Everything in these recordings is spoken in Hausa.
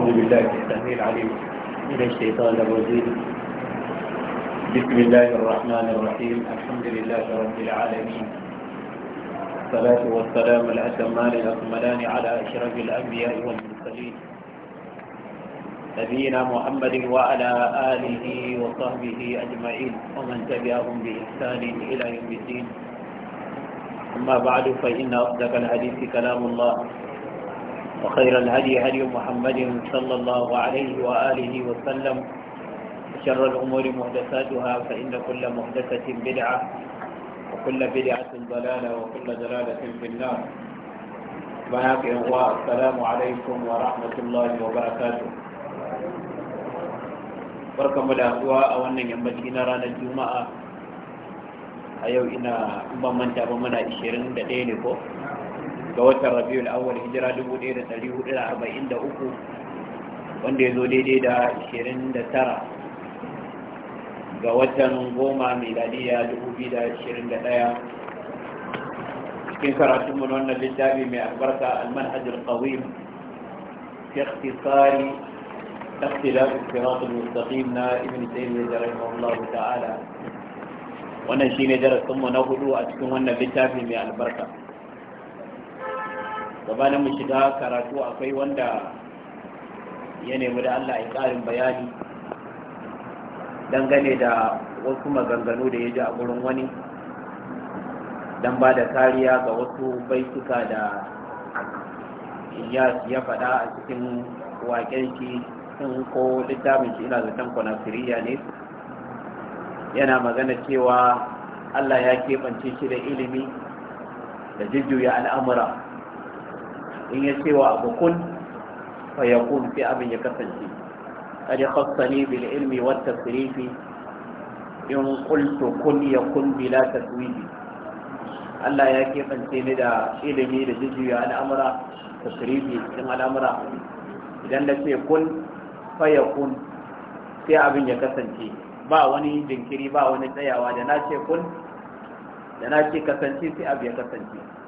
أعوذ بالله السميع العليم من الشيطان الرجيم بسم الله الرحمن الرحيم الحمد لله رب العالمين الصلاة والسلام الأتمان الأكملان على أشرف الأنبياء والمرسلين نبينا محمد وعلى آله وصحبه أجمعين ومن تبعهم بإحسان إلى يوم الدين أما بعد فإن أصدق الحديث كلام الله وخير الهدي هدي محمد صلى الله عليه وآله وسلم شر الأمور محدثاتها فإن كل محدثة بدعة وكل بدعة ضلالة وكل ضلالة في النار معك السلام عليكم ورحمة الله وبركاته بركة ملاقوة أولا يمشي نرى الجمعة أيو إنا أمم بمن تابمنا إشيرين دقيني ga watan rabiul awwal hijira 1443 wanda ya zo daidai da 29 ga watan goma miladiya 2021 cikin karatunmu na wannan littafi mai albarka almanhajul qawim fi ikhtisari اختلاف الصراط المستقيم نا ابن تيمية رحمه الله تعالى wannan shine darasin mu na hudu a cikin wannan littafi mai albarka gabanin mu shiga karatu akwai wanda ya nemi da Allah ya ƙarin bayani dangane da wasu maganganu da ya ji a gurin wani don ba da kariya ga wasu baituka da ya faɗa a cikin waƙen shi sun ko littafin shi ina zaton firiya ne yana magana cewa Allah ya keɓance shi da ilimi da jujjuya al'amura in ya ce wa abu kun fa ya kun sai abin ya kasance kada khassani bil ilmi wata tasrifi in qultu kun ya yakun bila taswifi Allah ya keɓance ni da ilimi da jijiya al'amura ta tasrifi cikin al'amura idan na ce kun fa ya kun sai abin ya kasance ba wani jinkiri ba wani tsayawa da na ce kun da na ce kasance sai abu ya kasance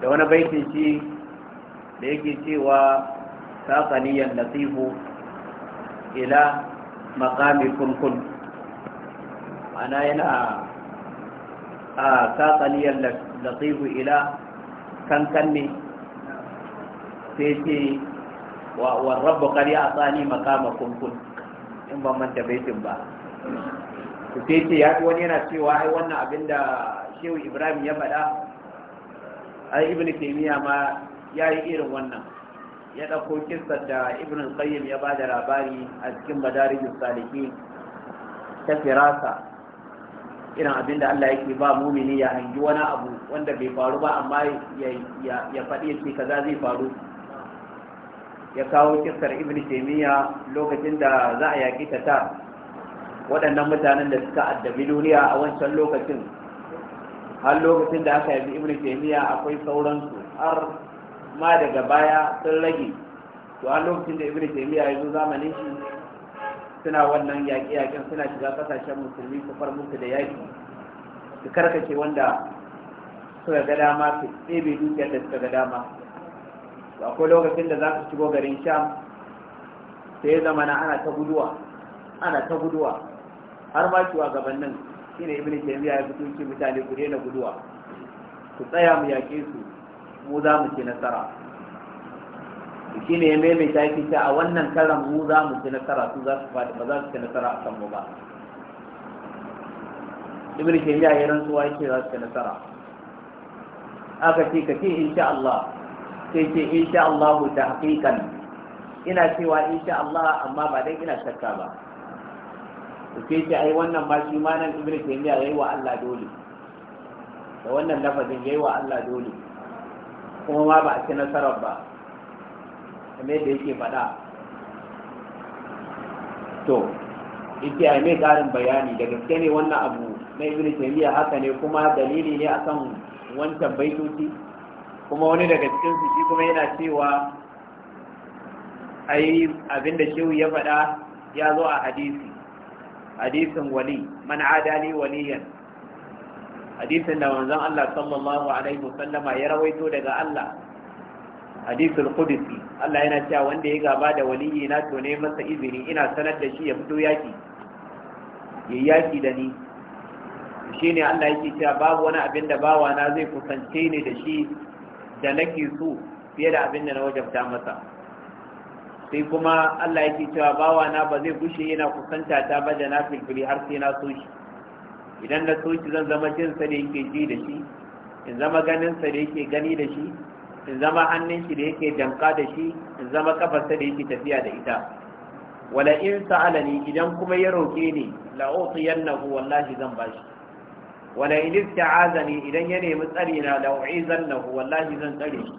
da wani baitin shi da yake cewa saƙaniyar nasihu ila makami kunkun ana yana a saƙaniyar nasihu ila kankan ne sai ce wa rabu ƙarya a tsani makama kunkun in ban manta baitin ba sai ce ya wani yana cewa ai wannan abinda shehu ibrahim ya faɗa a ibn taymiya ma yayi irin wannan ya dauko kissar da ibn qayyim ya bada labari a cikin madarijus salihin ta firasa irin abinda da Allah yake ba mumini ya hangi wani abu wanda bai faru ba amma ya faɗi ce kaza zai faru ya kawo kissar ibn taymiya lokacin da za a yaki ta waɗannan mutanen da suka addabi duniya a wancan lokacin har lokacin da aka yabi ibn taymiya akwai sauransu har ma daga baya sun rage to har lokacin da ibn taymiya ya zo zamanin shi suna wannan yaƙi yaƙin suna shiga ƙasashen musulmi su far musu da yaƙi su karkace wanda suka ga dama su ɗebe dukiyar da suka ga dama to akwai lokacin da za su shigo garin sham sai ya ana ta guduwa ana ta guduwa har ma shugabannin shine ibnu taymiya ya fito ce mutane ku daina guduwa ku tsaya mu yaƙe su mu za mu ci nasara shi ne ya maimaita yake a wannan karan mu za mu ci nasara su za su faɗi ba za su ci nasara a kanmu ba ibnu taymiya ya rantsuwa yake za su ci nasara aka ce ka ce insha Allah sai ce insha Allah ta haƙiƙan. ina cewa insha Allah amma ba dai ina shakka ba sai ce ai wannan ma shi ma nan ibn taymiya yayi wa Allah dole da wannan lafazin yayi wa Allah dole kuma ma ba a ci nasarar ba kamar da yake faɗa to yake ai mai ƙarin bayani da gaske ne wannan abu na ibn taymiya haka ne kuma dalili ne akan wancan baitoci kuma wani daga cikin su shi kuma yana cewa ai abinda shehu ya faɗa ya zo a hadisi hadisin wali man adali waliyan hadisin da manzon Allah sallallahu alaihi wasallama ya rawaito daga Allah hadisul qudsi Allah yana cewa wanda ya gaba da waliyi na to ne masa izini ina sanar da shi ya fito yaki Ya yaki da ni shine Allah yake cewa babu wani abin da bawa na zai kusance ni da shi da nake so fiye da abin da na wajabta masa sai kuma Allah yake cewa bawa na ba zai gushe yana kusanta ta ba da na filfili har sai na so shi idan na so shi zan zama jin sa da yake ji da shi in zama ganin sa da yake gani da shi in zama hannun shi da yake danka da shi in zama sa da yake tafiya da ita wala in sa'alani idan kuma ya roke ni la utiyannahu wallahi zan bashi wala in ista'azani idan ya nemi tsari na la u'izannahu wallahi zan tsare shi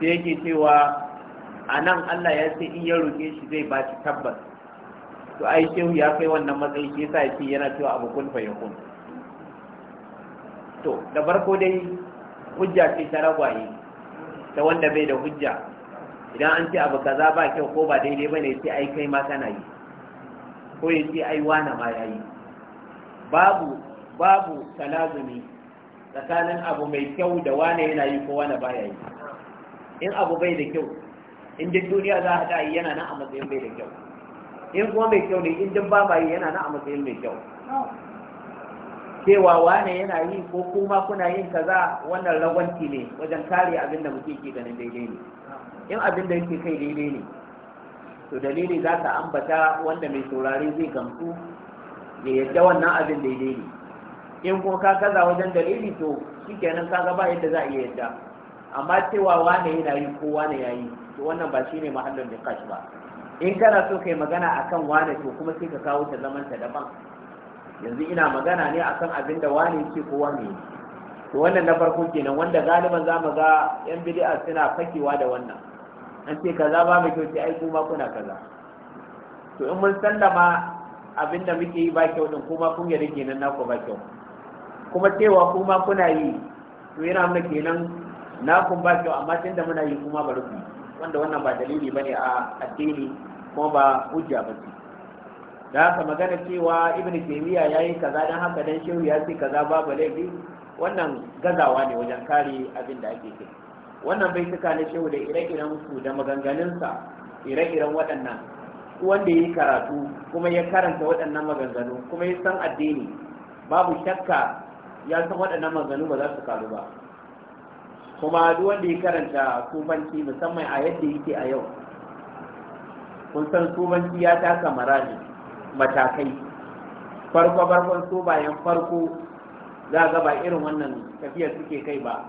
sai yake cewa a nan Allah ya ce in ya roƙe shi zai ba shi tabbas to ai shehu ya kai wannan matsayi shi yasa yake yana cewa abu kun fa yakun to da barko dai hujja ce ta ragwaye ta wanda bai da hujja idan an ce abu kaza ba kyau ko ba daidai bane sai ai kai ma kana yi ko ya ce ai wani ma ya yi babu babu talazumi tsakanin abu mai kyau da wane yana yi ko wani baya yi in abu bai da kyau in duk duniya za a yi yana nan a matsayin mai da kyau in kuma mai kyau ne in duk ba ma yi yana nan a matsayin mai kyau cewa wane yana yi ko kuma kuna yin kaza wannan rawanci ne wajen kare abin da muke ke ganin daidai ne in abin da yake kai daidai ne to dalili za ka ambata wanda mai saurari zai gamsu ya yadda wannan abin daidai ne in kuma ka kaza wajen dalili to shikenan ka ba yadda za a iya yadda amma cewa wane yana yi ko wane ya yi to wannan ba shine mahallin niqash ba in kana so kai magana akan wane to kuma sai ka kawo ta zaman ta daban yanzu ina magana ne akan abin da wane yake ko wane to wannan na farko kenan wanda galiban za mu ga yan bid'a suna fakewa da wannan an ce kaza ba mu kyau sai ai kuma kuna kaza to in mun sallama abin da muke yi ba kyau din kuma kun rike kenan naku ba kyau kuma cewa kuma kuna yi to yana nuna kenan nakun ba kyau amma tunda muna yi kuma bari ku yi wanda wannan ba dalili bane a addini kuma ba hujja ba ce da haka magana cewa ibn taymiya yayi kaza dan haka dan shehu ya ce kaza babu laifi wannan gazawa ne wajen kare abin da ake kai wannan bai suka na shehu da ire-iren su da maganganunsa ire-iren waɗannan wanda ya yi karatu kuma ya karanta waɗannan maganganu kuma ya san addini babu shakka ya san waɗannan maganganu ba za su karu ba kuma duk wanda ya karanta sufanci musamman a yadda yake a yau kun san sufanci ya taka marani matakai farko farkon su bayan farko za ga ba irin wannan tafiyar suke kai ba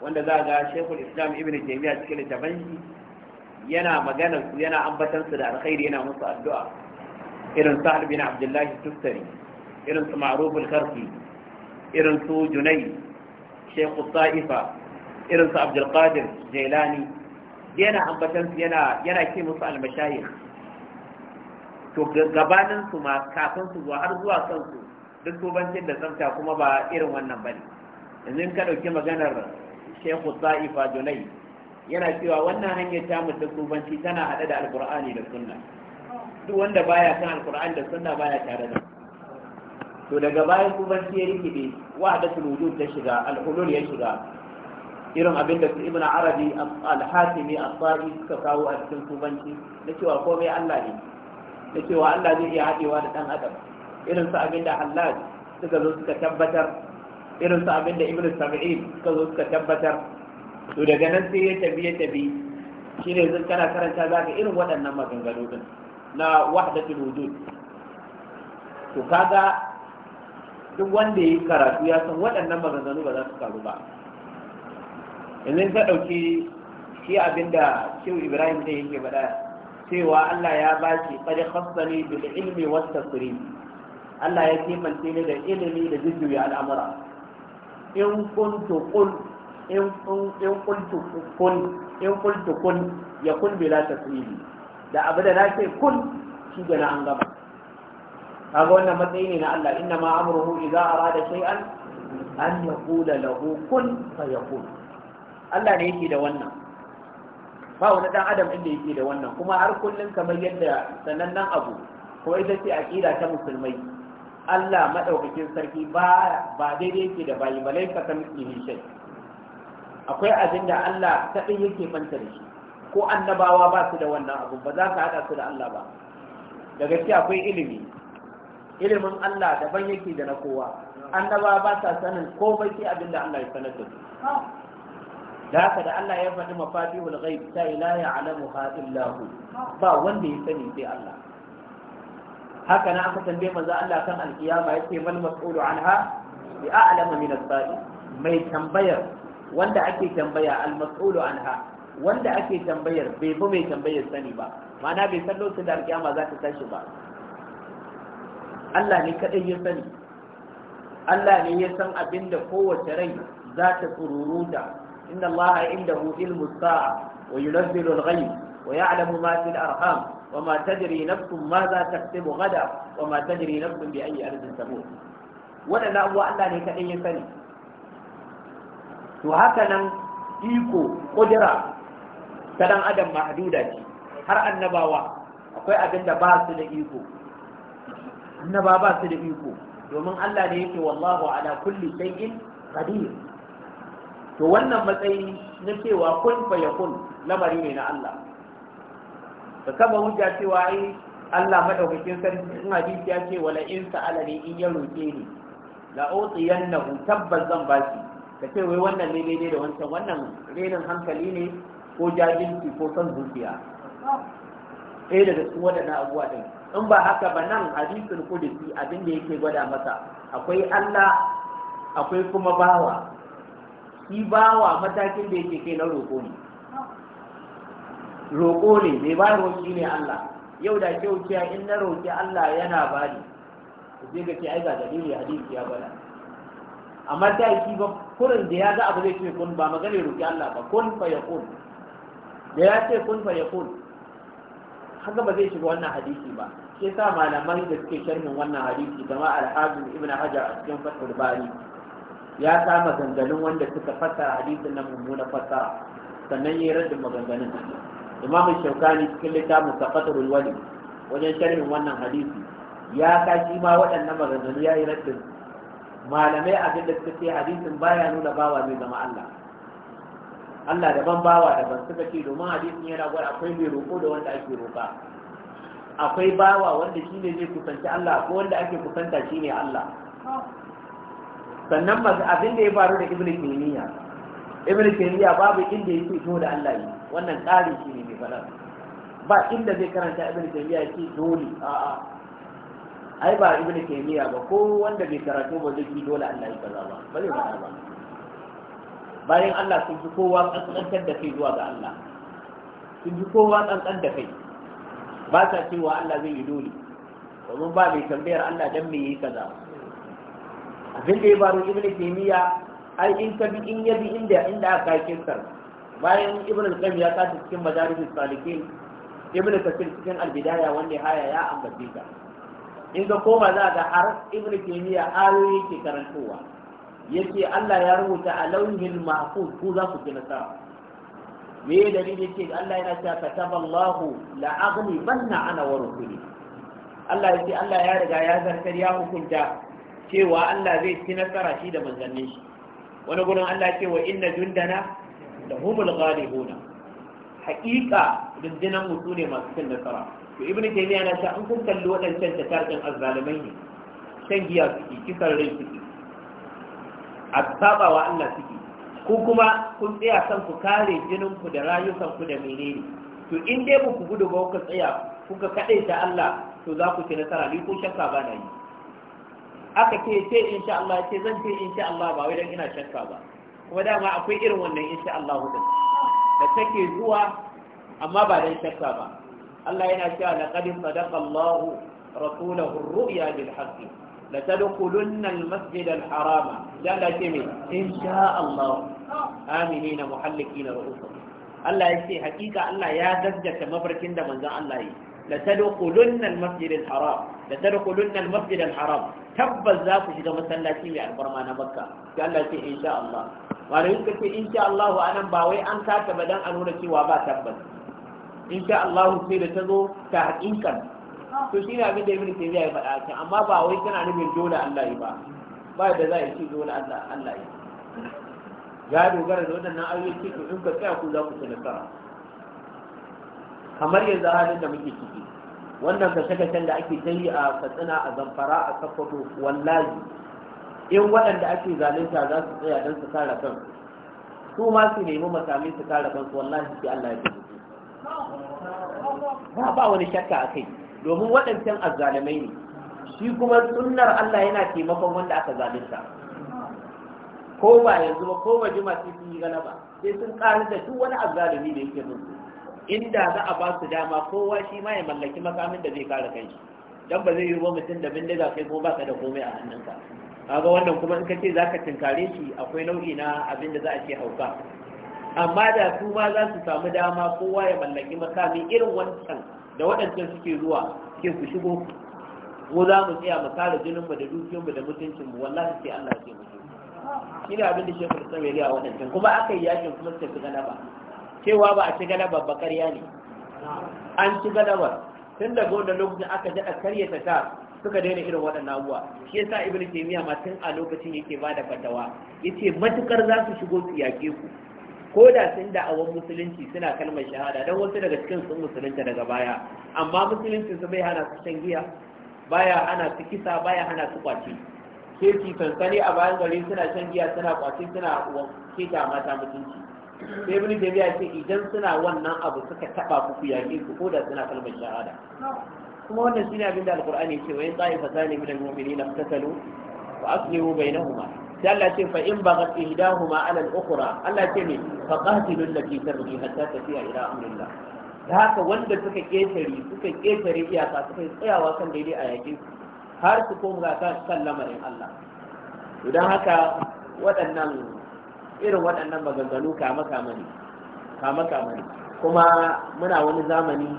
wanda za ga shekul islam ibn jami'a cikin da tabanci yana maganar su yana ambatan su da alkhairi yana musu addu'a irin sa'ad bin abdullahi tuftari irin su ma'ruf karfi irin su junai shekul sa'ifa irin su Abdul Jailani yana ambatan yana yana ce musu al to gabanin su ma kafin su zuwa har zuwa kan su duk tubancin da tsafta kuma ba irin wannan bane yanzu in ka dauki maganar Sheikhu Sa'ifa Junai yana cewa wannan hanyar ta mutu tubanci tana hada da alkur'ani da sunna duk wanda baya kan alkur'ani da sunna baya tare da to daga bayan tubanci ya rikide wa da ta shiga alhulul ya shiga irin abin da su ibn arabi al-hatimi as-sa'i suka kawo a cikin subanci na cewa komai Allah ne na cewa Allah zai iya haɗewa da dan adam irin su abin da Hallaj suka zo suka tabbatar irin su abin da ibn sab'in suka zo suka tabbatar to daga nan sai ya tabi ya tabi shine zan kana karanta zaka irin waɗannan maganganu din na wahdatul wujud to kaga duk wanda ya karatu ya san waɗannan maganganu ba za su karu ba yanzu ta ɗauki shi abinda shehu ibrahim ne yake faɗa cewa Allah ya ba shi qad khassani bil ilmi was tasrif Allah ya kimanta ni da ilimi da jujjuya al'amura in kuntu qul in in kuntu kun in kuntu kun ya kun bila tasrif da abu da nake kun shi da an gama kaga wannan matsayi ne na Allah inna ma amruhu idza arada shay'an an yaqula lahu kun fayakun Allah ne yake da wannan ba wani dan adam inda yake da wannan kuma har kullum kamar yadda sanannen abu ko ita ce aqida ta musulmai Allah madaukakin sarki ba ba daidai yake da bayi malaika ta shi shay akwai abin da Allah ta din yake fanta da shi ko annabawa ba su da wannan abu ba za ka hada su da Allah ba da shi akwai ilimi ilimin Allah daban yake da na kowa Annabawa ba sa sanin komai sai abin da Allah ya sanar da su da haka da Allah ya faɗi mafatihul ghaib sai la ya'lamuha illa hu ba wanda ya sani sai Allah haka na aka tambaye manzo Allah kan alkiyama yace mal mas'ulu anha bi a'lamu min as-sa'i mai tambayar wanda ake tambaya al mas'ulu anha wanda ake tambayar bai bi mai tambayar sani ba ma'ana bai san lokacin da alkiyama za ta tashi ba Allah ne kadai ya sani Allah ne ya san abinda kowace rai za ta tsururuta إن الله عنده علم الساعة وينزل الغيب ويعلم ما في الأرحام وما تدري نفس ماذا تكتب غدا وما تدري نفس بأي أرض تموت ولا لا هو ألا لكأي سنة وهكذا iko kudura ta dan adam mahduda ce har annabawa akwai abin da ba su da iko annaba ba su da iko domin Allah ne yake wallahu ala kulli shay'in qadir to wannan matsayi na cewa kun fa kun, lamari ne na Allah ka kama hujja cewa ai Allah madaukakin sarki in hadisi ya ce wala in sa'ala ni in ya roke ni la utiyannahu tabbas zan shi. ka ce wai wannan ne daidai da wancan wannan renin hankali ne ko jahilci ko son zuciya ɗaya daga cikin waɗannan abubuwa ɗin in ba haka ba nan hadisin kudusi abin da yake gwada masa akwai Allah akwai kuma bawa shi wa matakin da yake kai na roƙo ne roƙo ne mai bayarwa shi ne Allah yau da kyau kiya in na roƙi Allah yana bani sai ga ce ai ga dalili hadisi ya bala amma ta shi ba kurin da ya ga abu zai ce kun ba magana roƙi Allah ba kun fa ya kun da ya ce kun fa ya kun haka ba zai shiga wannan hadisi ba sai sa malamai da suke sharhin wannan hadisi kamar al-Hafiz Ibn Hajar a cikin Fathul Bari ya sa maganganun wanda suka fassara hadisin na mummuna fassara sannan ya raddin maganganun imam shaukani cikin littafin safatul wali wajen sharhin wannan hadisi ya ka shi ma waɗannan maganganu ya yi raddin malamai abin da suka ce hadisin baya nuna bawa zai zama Allah Allah daban bawa daban suka ce domin hadisin yana gwada akwai mai roƙo da wanda ake roƙa akwai bawa wanda shine zai kusanci Allah ko wanda ake kusanta shine Allah sannan ba abin da ya faru da ibn taymiya ibn taymiya babu inda yake to da Allah ne wannan tsari shi ne mai fara ba inda zai karanta ibn taymiya yake dole a a ai ba ibn taymiya ba ko wanda bai karatu ba zai yi dole Allah ya kaza ba ba zai fara ba bayan Allah sun fi kowa kankantar da kai zuwa ga Allah sun fi kowa kankan da kai ba sa cewa Allah zai yi dole domin ba mai tambayar Allah dan me yi kaza ba abin da ya faru ibn taymiya ai in ka bi in yabi inda inda aka kai kinsar bayan ibn al-qayyim ya tashi cikin madarijus salikin ibn kasir cikin al-bidaya wanda haya ya ambace ta in ka koma za ga har ibn taymiya ayoyi ke karantowa yace Allah ya rubuta a lauhin mahfuz ku za ku ji nasara me dalili yake Allah yana cewa kataballahu la aghlibanna ana wa rusuli Allah yace Allah ya riga ya zartar ya hukunta cewa Allah zai ci nasara shi da manzannin shi wani gurin Allah cewa inda jundana da humul hona Hakika, rundunan mutu ne masu cin nasara to ibn taymiya na ta an kun kalli ta tatarkin azzalimai ne shan giya suke kisan rai suke asaba wa Allah suke ko kuma kun tsaya san ku kare jinin ku da rayukan ku da menene to in dai ba ku gudu ba kuka tsaya kuka ta Allah to za ku ci nasara ni ko shakka ba na yi aka ce ce insha Allah ce zan ce insha Allah ba wai dan ina shakka ba kuma dama akwai irin wannan insha Allah din da take zuwa amma ba dan shakka ba Allah yana cewa laqad sadaqa Allah rasulahu ar-ru'ya bil haqqi la tadkhulunna al-masjid al-harama da Allah ce mai me insha Allah aminina muhallikina ru'usakum Allah ya ce hakika Allah ya gaggata mafarkin da manzon Allah yi la tadkhulunna al-masjid al-haram da tadkhulun al-masjid al-haram tabbas za ku shiga masallaci mai alfarma na makka sai Allah ce insha Allah malamin ka ce insha Allah anan ba wai an kata ba dan a nuna cewa ba tabbas insha Allah sai da tazo ta hakikan to shi shine abin da Ibn Taymiyyah ya faɗa kan amma ba wai kana nufin dole Allah yi ba ba da za a ci dole Allah Allah ya ya dogara da wannan ayoyi to in ka tsaya ku za ku ci nasara kamar yanzu halin da muke ciki wannan kashe-kashen da ake yi a katsina a zamfara a sakkwato wallahi in waɗanda ake zalunta za su tsaya don su kare kan su ma su nemi makami su kan su wallahi sai Allah ya tafi ba ba wani shakka a kai domin waɗancan azzalumai ne shi kuma sunnar Allah yana taimakon wanda aka zalunta ko ba yanzu ba ko ba jima sai sun yi galaba sai sun kare da su wani azzalumi da yake musu inda za a ba su dama kowa shi ma ya mallaki makamin da zai kare kai dan ba zai yi ba mutum da bindiga kai ko baka da komai a hannunka kaga wannan kuma in ka ce zaka tinkare shi akwai nau'i na abin da za a ce hauka amma da su ma za su samu dama kowa ya mallaki makami irin wancan da waɗancan suke zuwa ke ku shigo ko za mu tsaya mu kare mu da dukiyarmu da mutuncinmu wallahi sai Allah ya ce mu shi ne abin da shekul sami a waɗancan kuma aka yi yakin kuma suka fi ba. cewa ba a ci galabar ba karya ne an ci galabar tun da gonda lokacin aka daɗa karyata ta suka daina irin waɗannan abuwa shi yasa ibnu taymiya ma tun a lokacin yake ba da fatawa yace matukar za su shigo su yaƙe ku ko da sun da'awar musulunci suna kalmar shahada don wasu daga cikin sun musulunta daga baya amma musulunci su bai hana su shan giya baya hana su kisa baya hana su kwace sai su sansani a bayan gari suna shan giya suna kwace suna a mata mutunci sai ibn jami'a ce idan suna wannan abu suka taba ku ku yaƙe ku ko da suna kalmar shahada kuma wannan shine abin da alqur'ani ce wa in ta'ifa zani min almu'minina iftatalu fa aslihu bainahuma sai Allah ce fa in baghat ihdahuma ala al-ukhra Allah ce ne fa qatilu allati tabghi hatta tafiya ila amrillah da haka wanda suka ketare suka ketare iyaka suka tsayawa kan daidai a yaƙe har su koma ga kan lamarin Allah don haka waɗannan irin waɗannan maganganu kama kama ne kuma muna wani zamani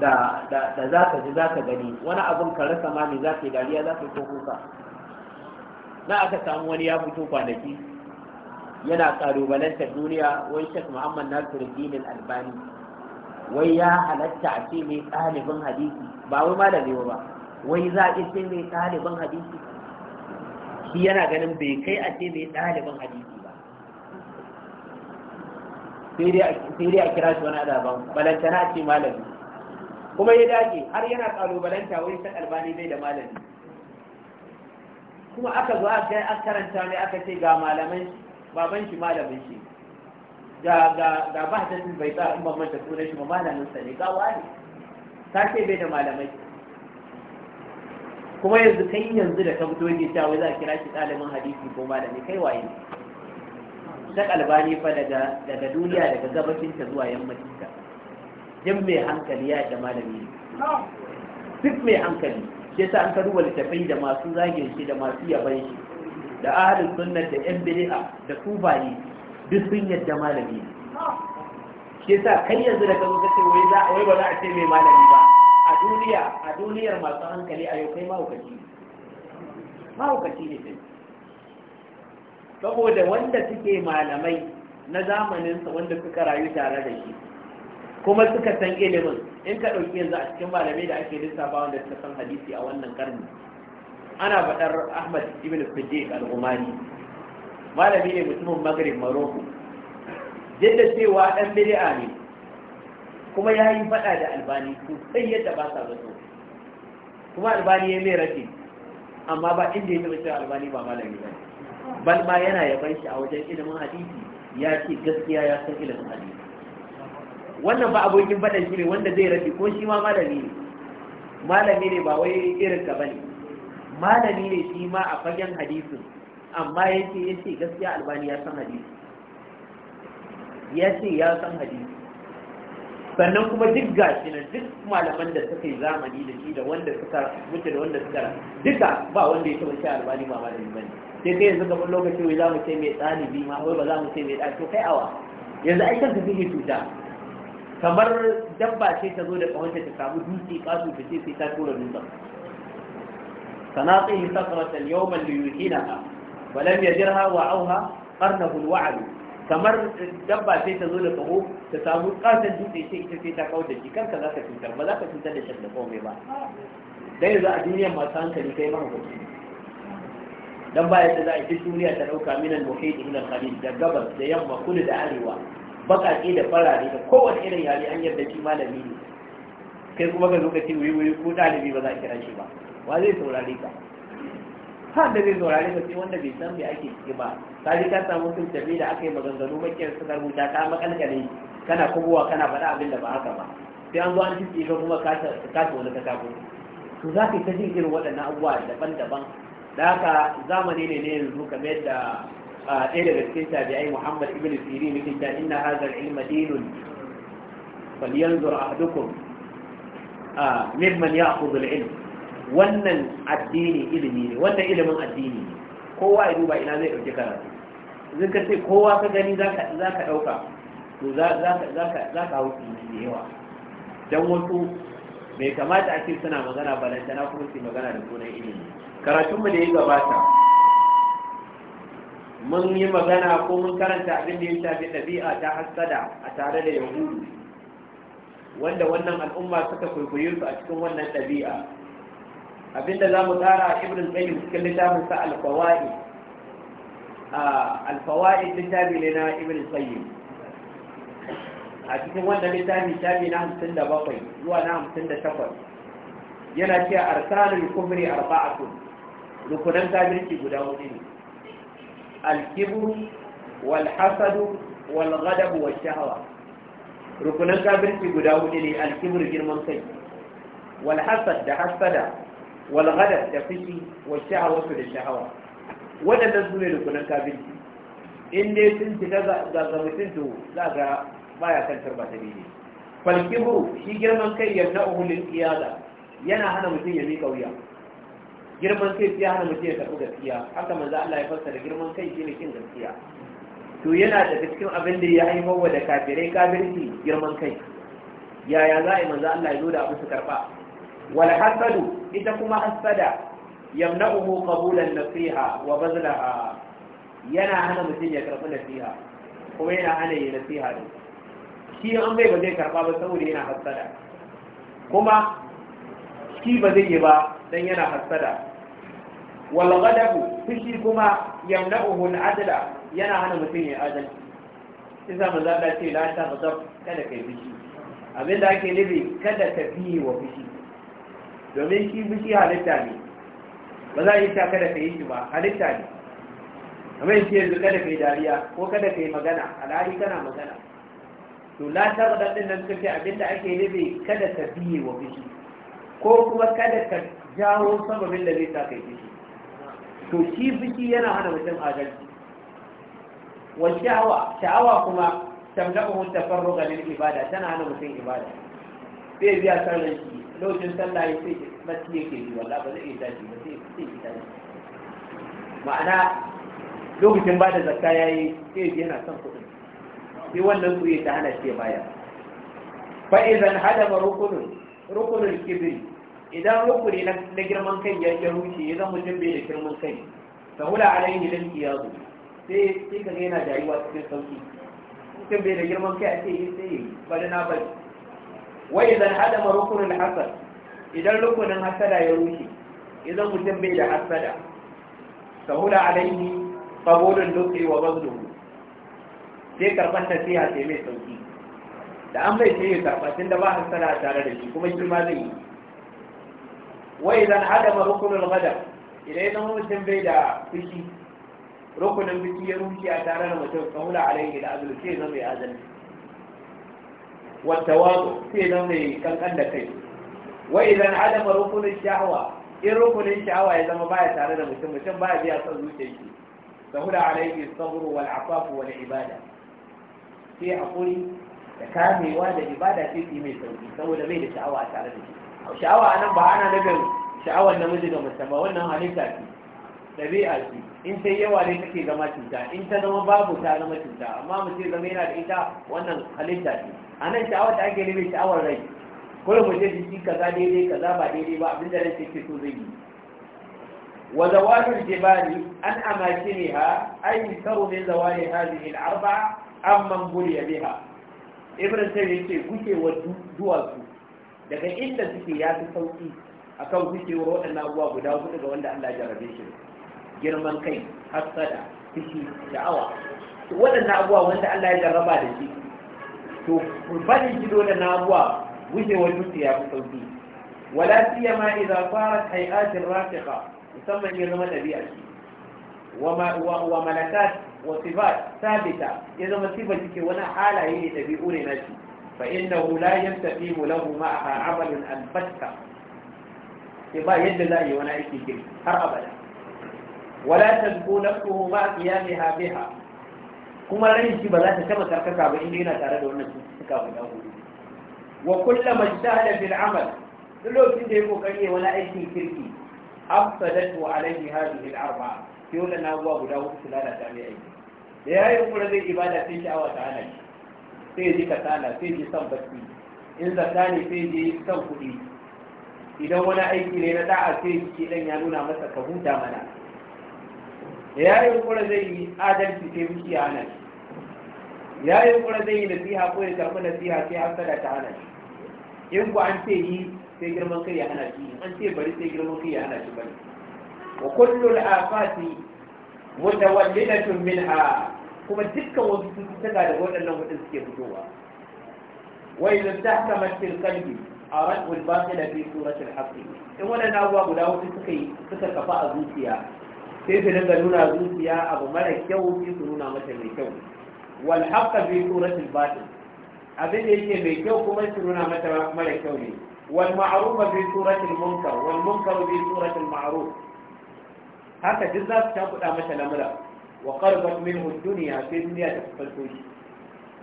da za ka ji za ka gani wani abin ka rasa ma ne za ka yi dariya za ka yi ko kuka na aka samu wani ya fito kwanaki yana kalubalantar duniya wai shek Muhammad Nasiruddin Albani wai ya halatta a ce mai ɗalibin hadisi ba wai malami ba wai za a ce mai ɗalibin hadisi shi yana ganin bai kai a ce mai ɗalibin hadisi sai dai a kira shi wani adaban na ce malami kuma ya dage har yana kalubalanta wani san albani bai da malami kuma aka zo aka karanta ne aka ce ga malaman baban shi malamin shi ga ga ga ba da bai sa in ban manta shi ba malamin sa ne gawa ne ta ce bai da malamai kuma yanzu kai yanzu da ka fito ne ta wai za a kira shi ɗalibin hadisi ko malami kai waye ta albani fa daga daga duniya daga gabashin ta zuwa yammacin ta jin mai hankali ya da malami duk mai hankali shi yasa an ka duba littafai da masu zagin shi da masu yaban shi da ahalin sunnar da yan bid'a da sufayi duk sun yadda malami shi yasa kai yanzu da kazo kace wai za wai ba za a ce mai malami ba a duniya a duniyar masu hankali a yau kai mahaukaci ne mahaukaci ne saboda wanda suke malamai na zamaninsa wanda suka rayu tare da shi kuma suka san ilimin in ka ɗauki yanzu a cikin malamai da ake lissafa wanda suka san hadisi a wannan karni ana faɗar ahmad ibn siddiq al-umani malami ne mutumin maghrib maroko duk da cewa ɗan bid'a ne kuma ya yi faɗa da albani sosai yadda ba sa zato kuma albani ya mai rashi amma ba inda ya taɓa cewa albani ba malami ba ne bal ma yana bai shi a wajen ilimin hadisi ya ce gaskiya ya san ilimin hadisi wannan ba abokin faɗan shi ne wanda zai rafi ko shi ma malami ne malami ne ba wai irin ka bane malami ne shi ma a fagen hadisin amma ya ce ya ce gaskiya albani ya san hadisi ya ce ya san hadisi sannan kuma duk gashi nan duk malaman da suka yi zamani da shi da wanda suka mutu da wanda suka duka ba wanda ya taɓa shi albani ba malami bane sai kai yanzu gaban lokacin wai za mu ce mai ɗalibi ma wai ba za mu ce mai ɗalibi to kai awa yanzu ai kanka kake cuta kamar dabba ce ta zo da kawanta ta samu dutse kasu ta ce sai ta tura dutsen sanatsihi sakratan yawman liyuhinaha walam yajirha wa auha qarnahu alwa'd kamar dabba ce ta zo da kawo ta samu kasan dutse ce ita sai ta kawo da shi kanka za ka cutar ba za ka cutar da shakka da komai ba dai yanzu a duniyar masu hankali kai ma mahukunci dan ba yadda za a fi duniya ta dauka minan muhiti ila khalid da gabas da yamma kullu da arewa bakake da farare da kowace irin yare an yarda shi malami ne kai kuma ga lokaci wuri wuri ko dalibi ba za a kira shi ba wa zai saurare ka ha da zai saurare ka wanda bai san me ake ciki ba ka ji ka samu sun tafi da aka yi maganganu makiyar suka rubuta ka makalkale kana kubuwa kana faɗa abin da ba haka ba sai an zo an ciki ka kuma ka ta wani katako to za ka yi irin waɗannan abubuwa daban-daban da haka zamani ne ne yanzu kamar da ɗaya daga cikin tabi'ai Muhammad ibn Sirin yake ta inna hadha al-ilma dinun a ahadukum mimman ya'khudhu al-ilm wannan addini ilimi ne wannan ilimin addini ne kowa ya duba ina zai dauki karatu zan ka ce kowa ka gani za ka ɗauka, to zaka zaka zaka hau da yawa don wasu bai kamata a ce suna magana na kuma su magana da sunan ilimi karatunmu da ya gabata mun yi magana ko mun karanta abin da ya shafi ɗabi'a ta hassada a tare da yahudu wanda wannan al'umma suka kwaikwayo su a cikin wannan ɗabi'a abinda za mu tsara a ibn qayyim cikin littafin sa al-fawaid al littafi ne na ibn qayyim a cikin wannan littafi shafi na hamsin da bakwai zuwa na hamsin da takwas. yana cewa arsalul kufri arba'atun rukunan kafirci guda hudu ne alkibru Walhasadu, hasadu wal ghadab rukunan kafirci guda hudu ne alkibru girman kai Walhasad da hasada wal ghadab da fushi wal shahawa da shahawa waɗannan su ne rukunan kafirci in dai sun cika ga mutum to za ga baya kan tarba ta daidai shi girman kai yamna'uhu lil qiyada yana hana mutum ya mika wuya girman kai sai hana mutum ya karɓi gaskiya haka manzo Allah ya fassara girman kai shine kin gaskiya to yana daga cikin abin da ya yi mawa da kafirai kafirci girman kai yaya za a yi manzo Allah ya zo da abu su karɓa wal hasadu ita kuma hasada yamna'uhu qabulan nasiha wa bazlaha yana hana mutum ya karɓi nasiha kuma yana hana yi nasiha din shi an bai ba zai karɓa ba saboda yana hasada kuma shi ba zai yi ba dan yana hasada wal ghadabu fushi kuma yamna'uhu al-adla yana hana mutum ya adalci isa manzo Allah ce la ta fasab kada kai fushi abinda ake nufi kada ka biye wa fushi domin shi fushi halitta ne ba za a yi ta kada ka yi shi ba halitta ne kamar yanzu yanzu kada ka yi dariya ko kada ka yi magana alhali kana magana to la ta ga din nan suka abin abinda ake nufi kada ka biye wa fushi ko kuma kada ka jawo sababin da zai sa kai fushi to shi fushi yana hana mutum adalci wal sha'awa sha'awa kuma tamdahu tafarruga lil ibada tana hana mutum ibada sai biya sallar shi lokacin sallah ya sai mace yake yi wala ba zai iya tashi ba sai sai ki tashi ma'ana lokacin ba da zakka yi, sai yana son kuɗin sai wannan ya ta hana shi baya fa idan ma rukunin rukunul kibri idan rukuni na girman kai ya ke rushe, ya zama mutum bai da girman kai sahula alaihi lil qiyazu sai sai kaga yana dayuwa cikin sauki cikin bai da girman kai a ce yi sai bari na bari Wai idan ma rukunin hasad idan rukunin hasada ya rushe idan mutum bai da hasada a alaihi qabulun lutfi wa bazluhu sai karban nasiha sai mai sauki da an bai sai ya tun da ba hasada tare da shi kuma shi ma zai yi wai zan hadama rukunin gadar idan ya zama mutum bai da fushi rukunin fushi ya rushe a tare da mutum kamula alaihi da azul sai zama mai azal wata wazo sai zama mai kankan da kai wai zan hadama rukunin sha'awa in rukunin sha'awa ya zama baya tare da mutum mutum baya biya son zuciyar shi sahura alaihi sabru wal afafu wal ibada sai hakuri da kamewa da ibada sai mai sauki saboda bai da sha'awa a tare da shi sha'awa a nan ba ana nufin sha'awar namiji ga mace ba wannan halitta ce ɗabi'a ce in ta yawa ne take zama cuta in ta zama babu ta zama cuta amma mace zama yana da ita wannan halitta ce a nan sha'awar da ake nufin sha'awar rai kullum mu je jiki kaza daidai kaza ba daidai ba abin da rake ce so zai yi wa zawalul jibali an amakiniha ay ne min zawali hadhihi al-arba'a amman buliya biha ibn tayyib yake wa duwatsu daga inda suke ya fi sauki kan kucewar waɗannan abubuwa guda hudu ga wanda Allah ya jarabe shi girman kai hasada fushi sha'awa waɗannan abubuwa wanda Allah ya jarraba da shi to barin shi dole na abubuwa gushewar dutse ya fi sauki wala siyama idza fara hay'atin rafiqa musamman ya zama ɗabi'a shi wa malakat wa sifat sabita ya zama sifa cike wani halaye ne ɗabi'u ne na shi فإنه لا يستقيم له معها عمل البتة يبا يد لا يونايك جري هر أبدا ولا تزكو نفسه مع قيامها بها كما لا يجب لا تتم تركك بإننا ترى دون نفسك وكلما اجتهد في العمل لو كنت يقول كريه ولا أي شيء كريه أفسدته عليه هذه الأربعة في ولا نواب له سلالة عليه da ya yi kura zai ibada sai sha'awa ta hana shi sai ji kasala sai ji son bacci in zata ne sai ji son kuɗi idan wani aiki ne na da'a sai ji dan ya nuna masa ka huta mana da ya yi kura zai yi adalci sai muke hana shi ya yi kura zai yi nasiha ko ya karɓi nasiha sai an sada ta hana shi in ku an ce yi sai girman kai ya hana shi an ce bari sai girman kai ya hana shi bari wa kullu al-afati mutawallidatun minha kuma dukkan wasu cututtuka daga waɗannan hudun suke fitowa wa idan tahkama fil qalbi arad wal batil fi surati al haqq in wannan abuwa guda hudu suka yi suka kafa a zuciya sai su dinga nuna zuciya abu mara kyau sai su nuna mata mai kyau wal haqq fi surati al batil abin da yake mai kyau kuma su nuna mata mara kyau ne wal ma'ruf fi surati al munkar wal munkar fi surati al ma'ruf haka duk za su takuda mata lamura wa qarbat minhu dunya sai duniya ta kusanto shi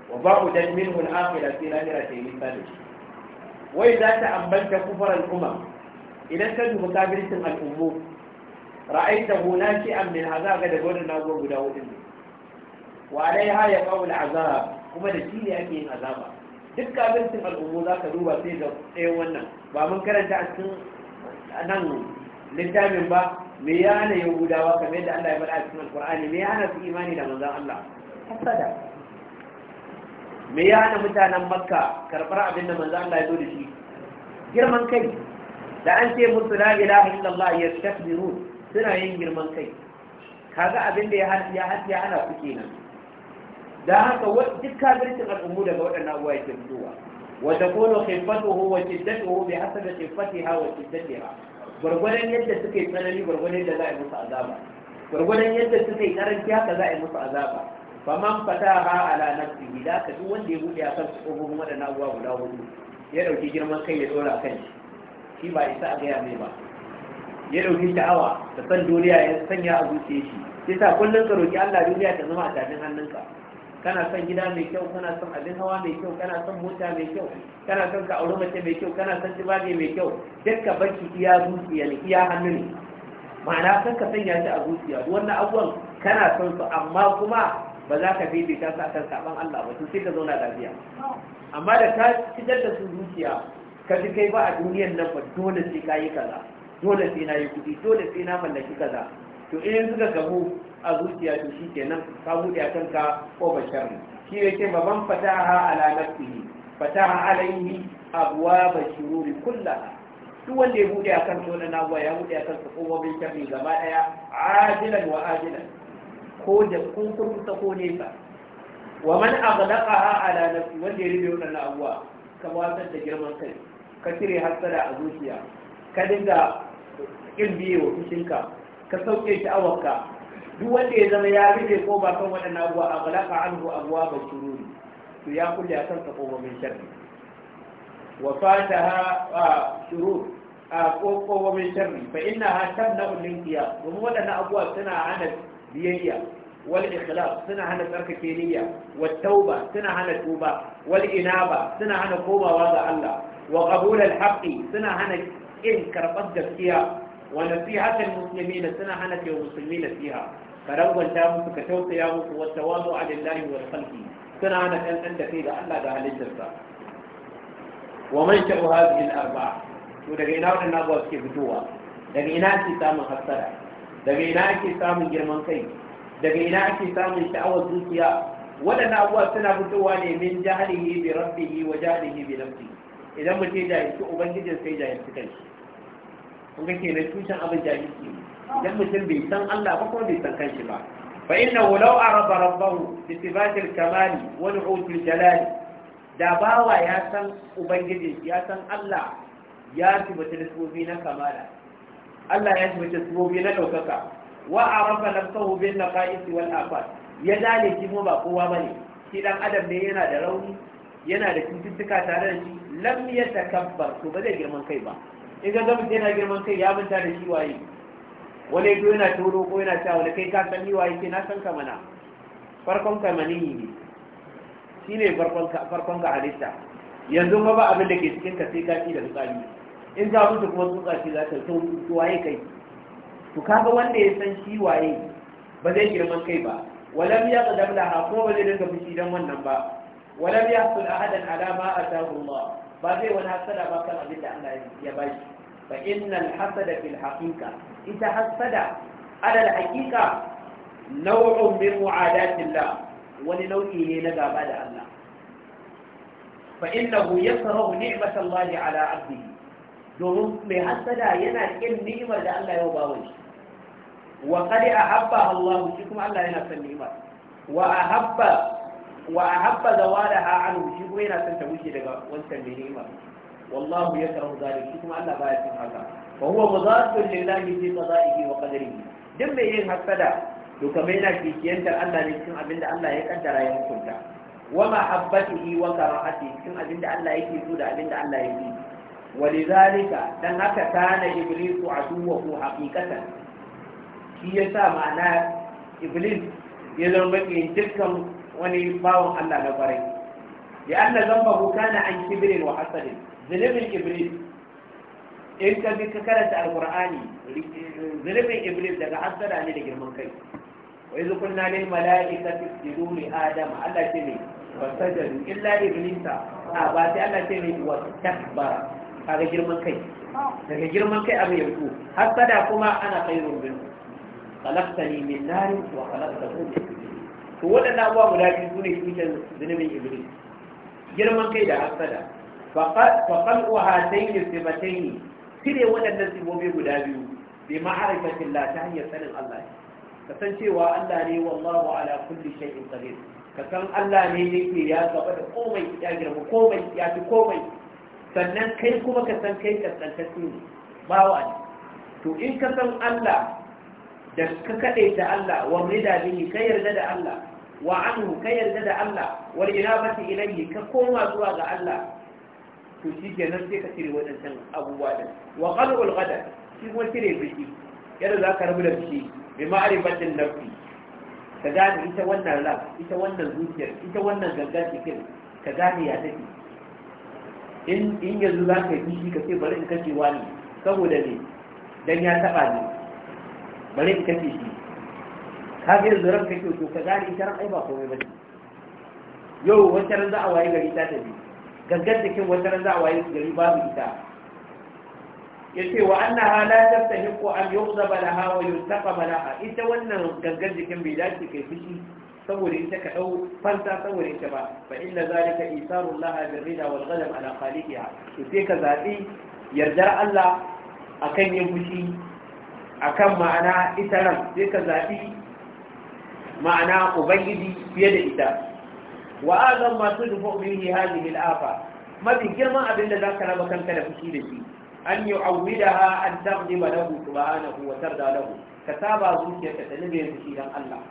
wa ba'udat minhu al-akhirah sai lahira ta yi nisa da shi wai za ta ambanta kufar al'umma idan ka duba kafircin al'ummu ra'aita huna shi an min azaga da gwanin nago guda hudu ne wa alaiha ya qawl kuma da shi ne ake yin azaba duk kafircin al'umma za ka duba sai ga eh, wannan ba mun karanta a cikin nan littafin ba me ya hana yahudawa kamar yadda Allah ya faɗa a cikin alkur'ani me ya hana su imani da manzon Allah hasada me ya hana mutanen makka karɓar abin da manzon Allah ya zo da shi girman kai da an ce musu la ilaha illallah yastakbirun suna yin girman kai kaga abin da ya hana ku kenan da haka duk kafircin al'ummu daga waɗannan abuwa yake fitowa wa takunu khifatuhu wa shiddatuhu bi hasabi khifatiha wa shiddatiha gwargwadon yadda suka yi tsanani gwargwadon yadda za a yi musu azaba gwargwadon yadda suka yi karanci haka za a yi musu azaba faman fataha ala nafsihi da ka duk wanda ya buɗe a kan tsofaffin waɗannan abubuwa guda hudu ya ɗauki girman kai ya ɗora kan shi ba isa a gaya mai ba ya ɗauki sha'awa da san duniya ya sanya a zuciya shi yasa kullum ka roki Allah duniya ta zama a tafin hannunka kana son gida mai kyau kana son abin hawa mai kyau kana son mota mai kyau kana son ka auri mace mai kyau kana son tibaje mai kyau dukka barki iya zuciya ne iya hannu ne ma'ana san ka sanya shi a zuciya wannan abubuwan kana son su amma kuma ba za ka fifita su akan saban Allah ba sai ka zauna lafiya amma da ka fitar da su zuciya ka ji kai ba a duniyan nan ba dole sai ka yi kaza dole sai na yi kuɗi dole sai na mallaki kaza to in suka gabo. a zuciya to shi kenan ka buɗe a kanka ko bashar shi ya ce baban fataha ala nafsihi fataha alaihi abuwa ba shiruri kulla duk wanda ya buɗe a kan tona na ya buɗe a kan su kowabin sharri gaba ɗaya ajilan wa ajilan ko da kun kurkusa ko ba wa man aghlaqaha ala nafsi wanda ya rubuta wannan abuwa ka wasan da girman kai ka cire hasada a zuciya ka dinga kin biye wa fushinka ka sauke sha'awarka duk wanda ya zama ya rufe ko ba kan abuwa a galaka an ko abuwa ba shururi to ya kulle a kan min sharri wa fata ha shurur a kokomomin sharri fa inna ha tabna ulin kiya domin waɗannan abuwa suna hana biyayya والإخلاص سنة هنا ترك كينية والتوبة سنة هنا توبة والإنابة سنة هنا قوبة وضع الله وقبول الحق سنة هنا إن كربت فيها ونصيحة المسلمين سنة هنا في المسلمين فيها ka rangwanta musu ka tausaya musu wa tawadu alillahi wa khalqi suna na kankan da kai ga Allah da halittarsa wa man sha'u hadhihi al-arba'a to daga ina wadannan abuwa suke fitowa daga ina ake samun hasara daga ina ake samun girman kai daga ina ake samun sha'awar zuciya waɗannan abuwa suna fitowa ne min jahilihi bi rabbihi wa jahilihi bi nafsihi idan mutum ya jahilci ubangijin sai jahilci kai kun ga kenan tushen abin jahilci ne dan mutum bai san Allah ba kuma bai san kanshi ba fa innahu law arada rabbahu bi al kamal wa al jalal da bawa ya san ubangiji ya san Allah ya tibata da sufofi na kamala Allah ya tibata da sufofi na daukaka wa arafa nafsahu bin naqais wal afat ya dale shi ba kowa bane shi dan adam ne yana da rauni yana da cututtuka tare da shi lam yatakabbar to ba zai girman kai ba in ga mutum yana girman kai ya manta da shi waye wani ido yana turo ko yana cewa wani kai ka san waye yake na san ka mana farkon ka mani ne shi ne farkon ka halitta yanzu ma ba abin da ke cikin ka sai kaki da tsari. in za su kuma tsutsa shi za ta to waye kai to kaga wanda ya san shi waye ba zai girman kai ba walam ya qadam ha ko ba zai dinga fushi dan wannan ba walam yahsul ahadan ala ma atahu Allah ba zai wani hasada ba kan abin da Allah ya bashi fa innal hasada fil haqiqa ita hasada alal hakika nau'un min mu'adatillah wani nau'i ne na gaba da Allah fa innahu yakrahu ni'matallahi ala 'abdihi domin mai hasada yana kin ni'imar da Allah ya bawa shi wa qad ahabba Allah shi kuma Allah yana son ni'imar wa ahabba wa ahabba zawalaha anhu shi kuma yana son ta wuce daga wancan ni'imar wallahu yakrahu zalika shi kuma Allah baya son haka fa huwa mudadun lillahi fi qada'ihi wa qadarihi duk mai yin hasada to kamar yana kishiyantar Allah ne cikin abin da Allah ya kaddara ya hukunta wa mahabbatihi wa karahatihi cikin abin da Allah yake so da abin da Allah yake wa lidhalika dan haka kana iblisu aduwwahu haqiqatan shi yasa ma'ana iblis ya zama bakin dukkan wani bawon Allah na kwarai da anna zambahu kana an kibrin wa hasadin zunubin iblis in ka bi ka karanta alqur'ani zulubin iblis daga hasara ne da girman kai wa iz kunna lil malaikati isjudu li adam Allah ce ne fasajadu illa ta a ba sai Allah ce ne wa takbara kaga girman kai daga girman kai abin yanku hasara kuma ana khairun bin khalaqtani min nar wa khalaqtahu min to wadannan abubuwa guda biyu sune tushen zunubin iblis girman kai da hasara فقد فقد wa الصفتين cire waɗannan sibobi guda biyu bi ma'arifatin la ta hanyar sanin Allah ne. ka san cewa Allah ne wallahu ala kulli shay'in qadir ka san Allah ne yake ya gaba da komai ya girma komai ya fi komai sannan kai kuma ka san kai ka kaskantacce ne bawa ne to in ka san Allah da ka kaɗe da Allah wa rida bihi ka yarda da Allah wa anhu ka yarda da Allah wal inabati ilayhi ka koma zuwa ga Allah to shi nan sai ka cire waɗancan abubuwa din wa qalul ghadab shi kuma cire biki yadda za ka rabu da biki bi ma'rifatin nafsi ka gane ita wannan ran ita wannan zuciyar ita wannan ganga cikin ka gane ya take in in yanzu za ka yi fushi ka ce bari in kashe wani saboda ne dan ya taba ni bari in kashe shi ka ga yanzu ran kake to ka gane ita ran ai ba komai ba yau wancan ran za a waye gari ta tafi gangar jikin wata ran za a waye gari babu ita ce, wa annaha la tastahiqu an yughzaba laha wa yuntaqama laha ita wannan gangar jikin bai dace kai fushi saboda ita ka dau fanta saboda ita ba fa inna zalika isaru laha bil rida wal ghadab ala khaliqiha to sai ka zabi yardar Allah akan yin fushi akan ma'ana ita nan, sai ka zabi ma'ana ubangiji fiye da ita wa azam ma tudfu bihi hadhihi al-afa mafi girman abin da zaka raba kanka da fushi da shi an yi yu'awwidaha an taghdiba lahu subhanahu wa tarda lahu ka saba ka ta nime fushi dan Allah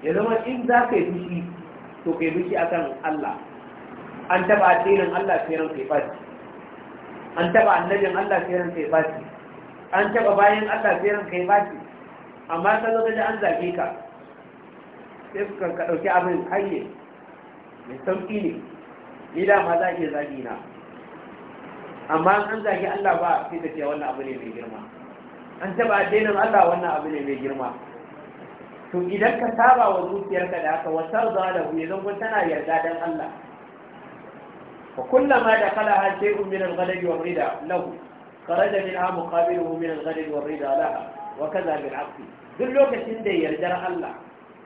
ya zama in za ka yi fushi to kai fushi akan Allah an taba addinin Allah sai ran kai fashi an taba annabin Allah sai ran kai fashi an taba bayan Allah sai ran kai fashi amma sai da an zage ka sai su kan ka ɗauki abin haye mai sauƙi ne ni da ma za ke zagi na amma an zagi Allah ba sai ta ce wannan abu ne mai girma an taɓa addinin Allah wannan abu ne mai girma to idan ka saba wa zuciyarka da haka wata zuwa da huye zan tana yarda dan Allah kullama da kala sai wa وكلما دخلها شيء من الغدد والردى له خرج منها wa من الغدد والردى kaza وكذا بالعكس duk lokacin da yardar Allah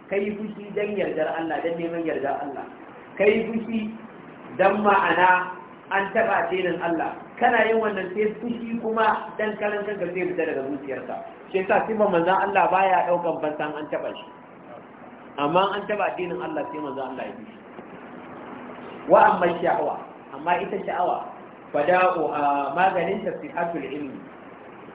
Ka yi fushi don yardar Allah don neman yardar Allah Ka yi fushi don ma'ana an taɓa addinin Allah kana yin wannan sai fushi kuma dan karan kanka zai fita daga zuciyarka shi yasa sai manzon Allah baya daukan fansan an taɓa shi amma an taɓa addinin Allah sai manzon Allah ya fushi wa amma sha'awa amma ita sha'awa fada'u maganin tafsihatul ilmi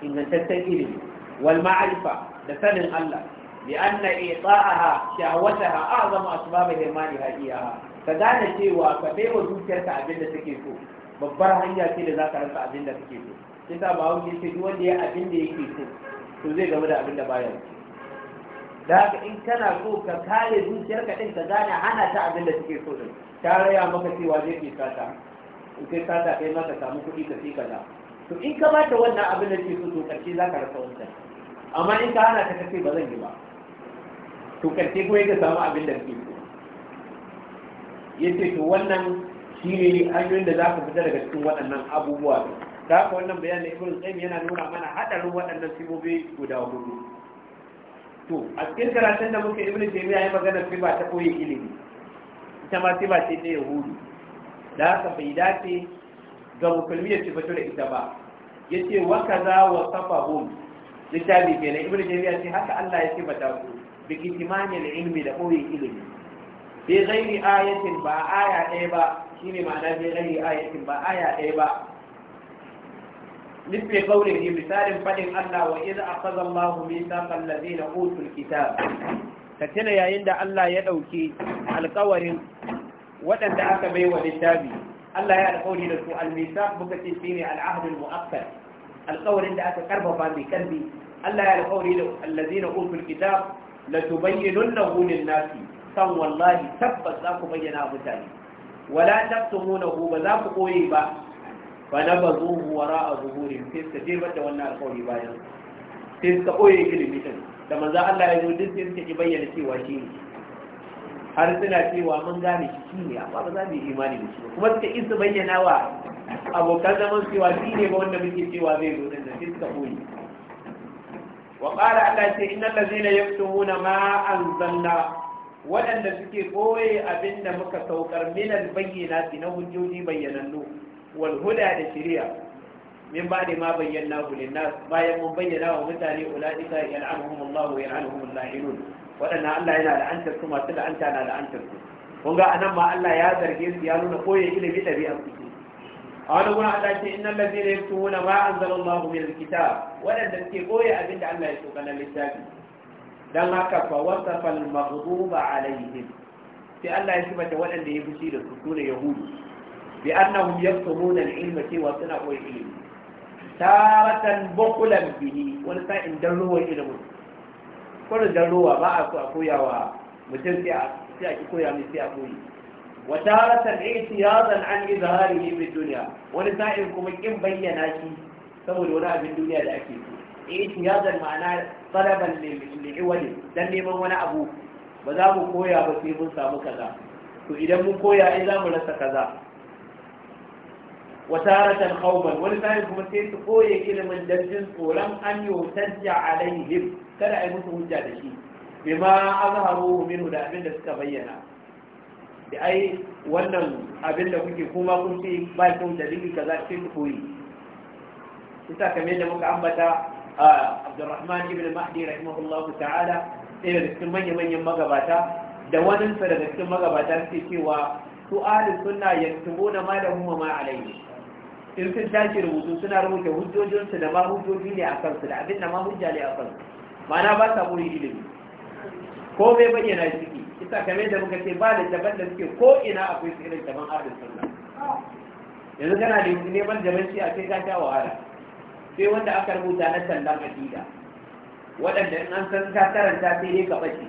ingantaccen ilimi wal ma'arifa da sanin Allah لأن إيطاءها شهوتها أعظم أسباب هرمانها إياها فذانا شيء وكبير وزوجتك أبدا تكيفو babbar hanya ce da za ka rasa abin da kake so shi sa ba wani ce wanda ya abin da yake so to zai gaba da abin da baya da haka in kana so ka kare zuciyarka din ka gane hana ta abin da take so din ta raya maka cewa zai ke sata in sata kai ma ka samu kuɗi ka fi to in ka bata wannan abin da ke so to karshe za ka rasa wancan amma in ka hana ta kace ba zan yi ba to karshe kuma ya samu abin da suke ya ce to wannan shine ne hanyoyin da za ku fita daga cikin waɗannan abubuwa ta haka wannan bayanin ibn qayyim yana nuna mana hadarin waɗannan sibobi guda hudu to a cikin karatun da muke ibn taymiya ya magana ba ta koyi ilimi ita ma ba ce ta yahudu da haka bai dace ga musulmi ya cifatu da ita ba yace wa kaza wa safahum littafi kenan ibn jami'a ce haka Allah ya sifata su bikitimanin ilmi da ɓoye ilimi bai zaini ayatin ba aya ɗaya ba shi ne ma'ana bai zaini ayatin ba aya ɗaya ba nufin kaunin ne misalin faɗin allah wa iza a kazan mahu mai sakan na otun kita ka tuna yayin da allah ya ɗauki alkawarin waɗanda aka bai wa littafi allah ya alkawari da su almisa muka ce shi ne al'ahadul mu'akkar alkawarin da aka karfafa mai kalbi allah ya alkawari da allazi na otun kita la tubayyinunnahu lin-nasi san wallahi tabbas za ku bayyana mutane wala taktumunahu ba za ku koyi ba fa wara a zuhuri sai suka je da wannan alƙawari bayan sai suka koyi ilimi din da manzo Allah ya zo duk sai suka ki bayyana cewa shi ne har suna cewa mun gane shi shi ne amma ba za mu yi imani da shi kuma suka isa bayyana wa abokan zaman cewa shi ne ba wanda muke cewa zai zo din nan sai suka koyi wa qala Allah ce innal ladzina yaktumuna ma anzalna waɗanda suke koye abin da muka saukar minal bayyana na hujjoji bayyanannu wal huda da shari'a min ba da ma bayyana hu linnas bayan mun bayyana wa mutane ulaika yal'anuhum Allah wa yal'anuhum al-la'inun waɗanda Allah yana da la'antar su masu la'anta na da la'antar su kun ga anan ma Allah ya zarge su ya nuna koye ilimi ɗabi'ar su a wani gurin Allah ce innal ladina yaktumuna ma anzalallahu min alkitab wadanda suke koyi abin da Allah ya so kana littafi dan haka fa wasafa almaghduba alaihim sai Allah ya sifata wadanda ya fushi da su sune yahudu bi annahum yaktumuna alilma cewa suna koyi ilimi taratan bukulan bihi wani sa'in dan ruwan ilimin kwanan dan ruwa ba a so a koyawa mutum sai a ki koya mai sai a koyi وتارة اعتياضا عن إظهاره في الدنيا ولسائل كما بينا شيء سوى الوراء في الدنيا لأكيد اعتياضا معنا طلبا لعوله دني من وانا أبو بذاب كويا بسيب سابو كذا فإذا من كويا إذا ملس كذا وتارة خوفا ولسائل كما سيد كويا إلى من دجن ولم أن يهتج عليهم كلا أي مسهجة لشيء بما أظهروه منه لأمين لسك بينا da ai wannan abin da kuke kuma kun ce ba kyau dalili kaza ce ku koyi isa kamar da muka ambata a Abdurrahman ibn Mahdi rahimahullahu ta'ala ɗaya da cikin manya-manyan magabata da wani sa daga cikin magabata suke cewa su ahlus sunna yaktubuna ma da huma ma alayhi in sun tashi rubutu suna rubuta hujjojinsu da ma hujjoji ne a kansu da abin da ma hujja ne a kansu ma'ana ba sa koyi ilimi ko bai bayyana ciki isa kamar da muka ce ba da jaban da suke ko ina akwai su irin taban ahlus sunna yanzu kana da neman jamanci a sai ka sha wahala sai wanda aka rubuta na tallan aqida waɗanda in an san ka karanta sai ne ka bace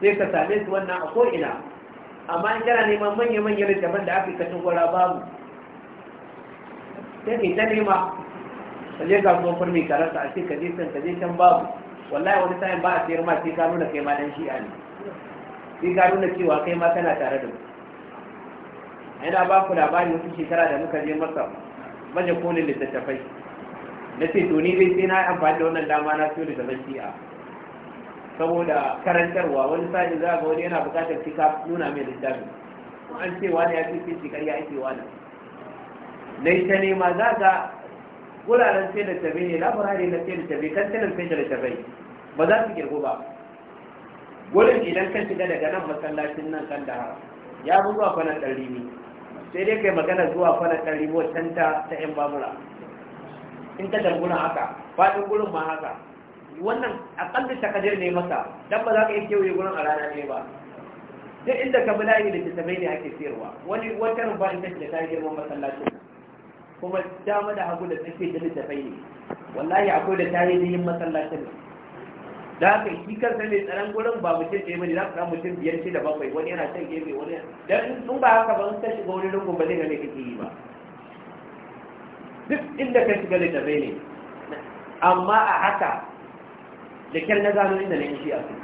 sai ka same su wannan a ko ina amma in kana neman manya manyan littafan da aka kashin gwara babu sai ka ta nema ka je kasuwar farmi ka rasa a ce ka je can ka je can babu wallahi wani sayan ba a sayar ma sai ka nuna kai ma dan shi'a ne sai ka nuna cewa kai ma kana tare da mu ina ba ku labari wasu shekara da muka je masa baje kolin littattafai na ce to ni dai sai na amfani da wannan dama na siyo littattafan shi'a saboda karantarwa wani sa'in za ga wani yana buƙatar sai ka nuna mai littafi. an ce wani ya fi sai shi karya ake wani na ta nema za ka wuraren sai da tabi ne na furare na sai da kan tilin sai da tabi ba za su girgu ba wurin idan kan shiga daga nan masallacin nan kan da ya fi zuwa kwanan ɗan ne, sai dai kai magana zuwa kwanan ɗan rimi wacan ta ta yan bamura. in ta dangula haka faɗin gurin ma haka wannan aƙalla takadir ne masa dan ba za ka yi kewaye gurin a rana ne ba duk inda ka bi layi da tabi ne ake siyarwa wani wata rumfa ita ce da ta girman masallacin kuma dama da hagu da tsakiya da littafai ne wallahi akwai da tarihin masallacin da haka shi kansa mai tsaron gurin ba mutum ɗaya bane za ka samu mutum biyar shi da bakwai wani yana can gefe wani dan in ba haka ba in ka shiga wani lungun ba zai gane kake yi ba duk inda ka shiga littafai ne amma a haka da kyar na gano inda na yi shi a su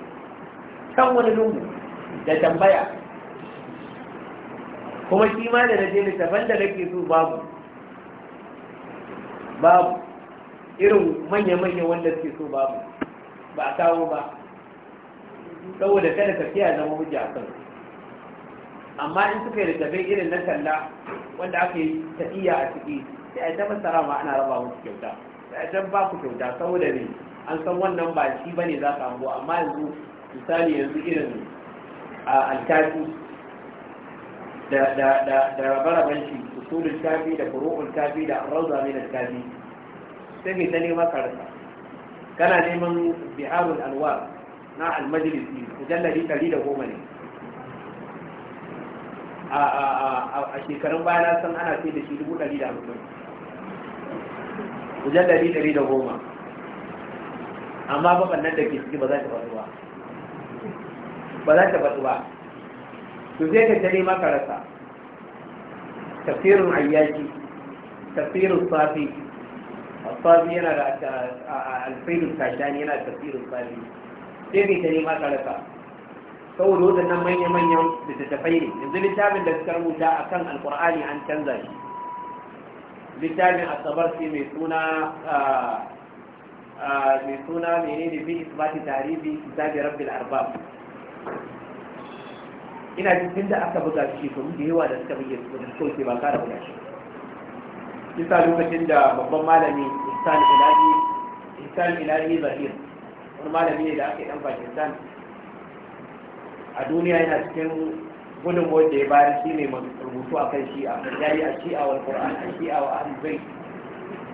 kan wani lungu da tambaya kuma shi ma da na je littafan da nake so babu babu irin manya-manya wanda suke so babu ba a kawo ba saboda kada ka fiya zama hujja a kan amma in suka yi da irin na talla wanda aka yi ta iya a ciki sai a ta masara ma ana raba musu kyauta sai a ta ba ku kyauta saboda ne an san wannan ba shi ba ne za ka hango amma yanzu misali yanzu irin a alkaci da rabe-raben shi usulul kafi da furu'ul kafi da rawza min kafi sai mai ta nema kana neman biharul anwar na al-majlisi mujalladi 110 ne a a a shekarun baya na san ana sai da shi 150 mujalladi 110 amma ba nan da ke ba za ta faɗi ba ba za ta faɗi ba to sai ka ta nema tafsirin ayyaki tafsirin safi safi yana da alfaidun kashani yana da tafsirin safi sai bai ta nema karasa saboda waɗannan manya-manyan littattafai ne yanzu littafin da suka rubuta a kan alkur'ani an canza shi littafin asabar ce mai suna menene bi tarihi kitabi rabbil ina jin tun da aka buga shi shekaru da yawa da suka buge su kawai sai ba kara buga shi kisa lokacin da babban malami ihsan ilahi ihsan ilahi zahir wani malami ne da aka yi dan pakistan a duniya yana cikin gudun wanda ya bayar shi ne rubutu a kan shi'a yayi a shi'a wal qur'an a shi'a wa ahlul bait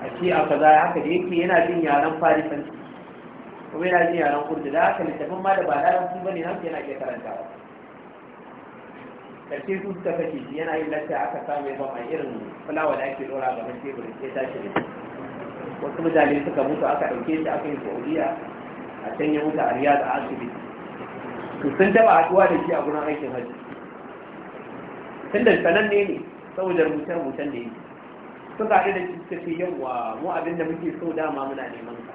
a shi'a kaza haka da yake yana jin yaran farisanci kuma yana jin yaran kurdi da haka littafin ma da ba larabci bane nan yana iya karantawa Karfe su suka kashe shi yana yin lacca aka samu ba mai irin fulawa da ake dora gaban teburin sai tashi da wasu mutane suka mutu aka ɗauke shi aka yi saudiya a can ya mutu a riyad a asibiti to sun taɓa haɗuwa da shi a gurin aikin hajji tun da sananne ne saboda rubutar rubucen da yake suka haɗu da shi suka ce mu abin da muke so dama muna neman ka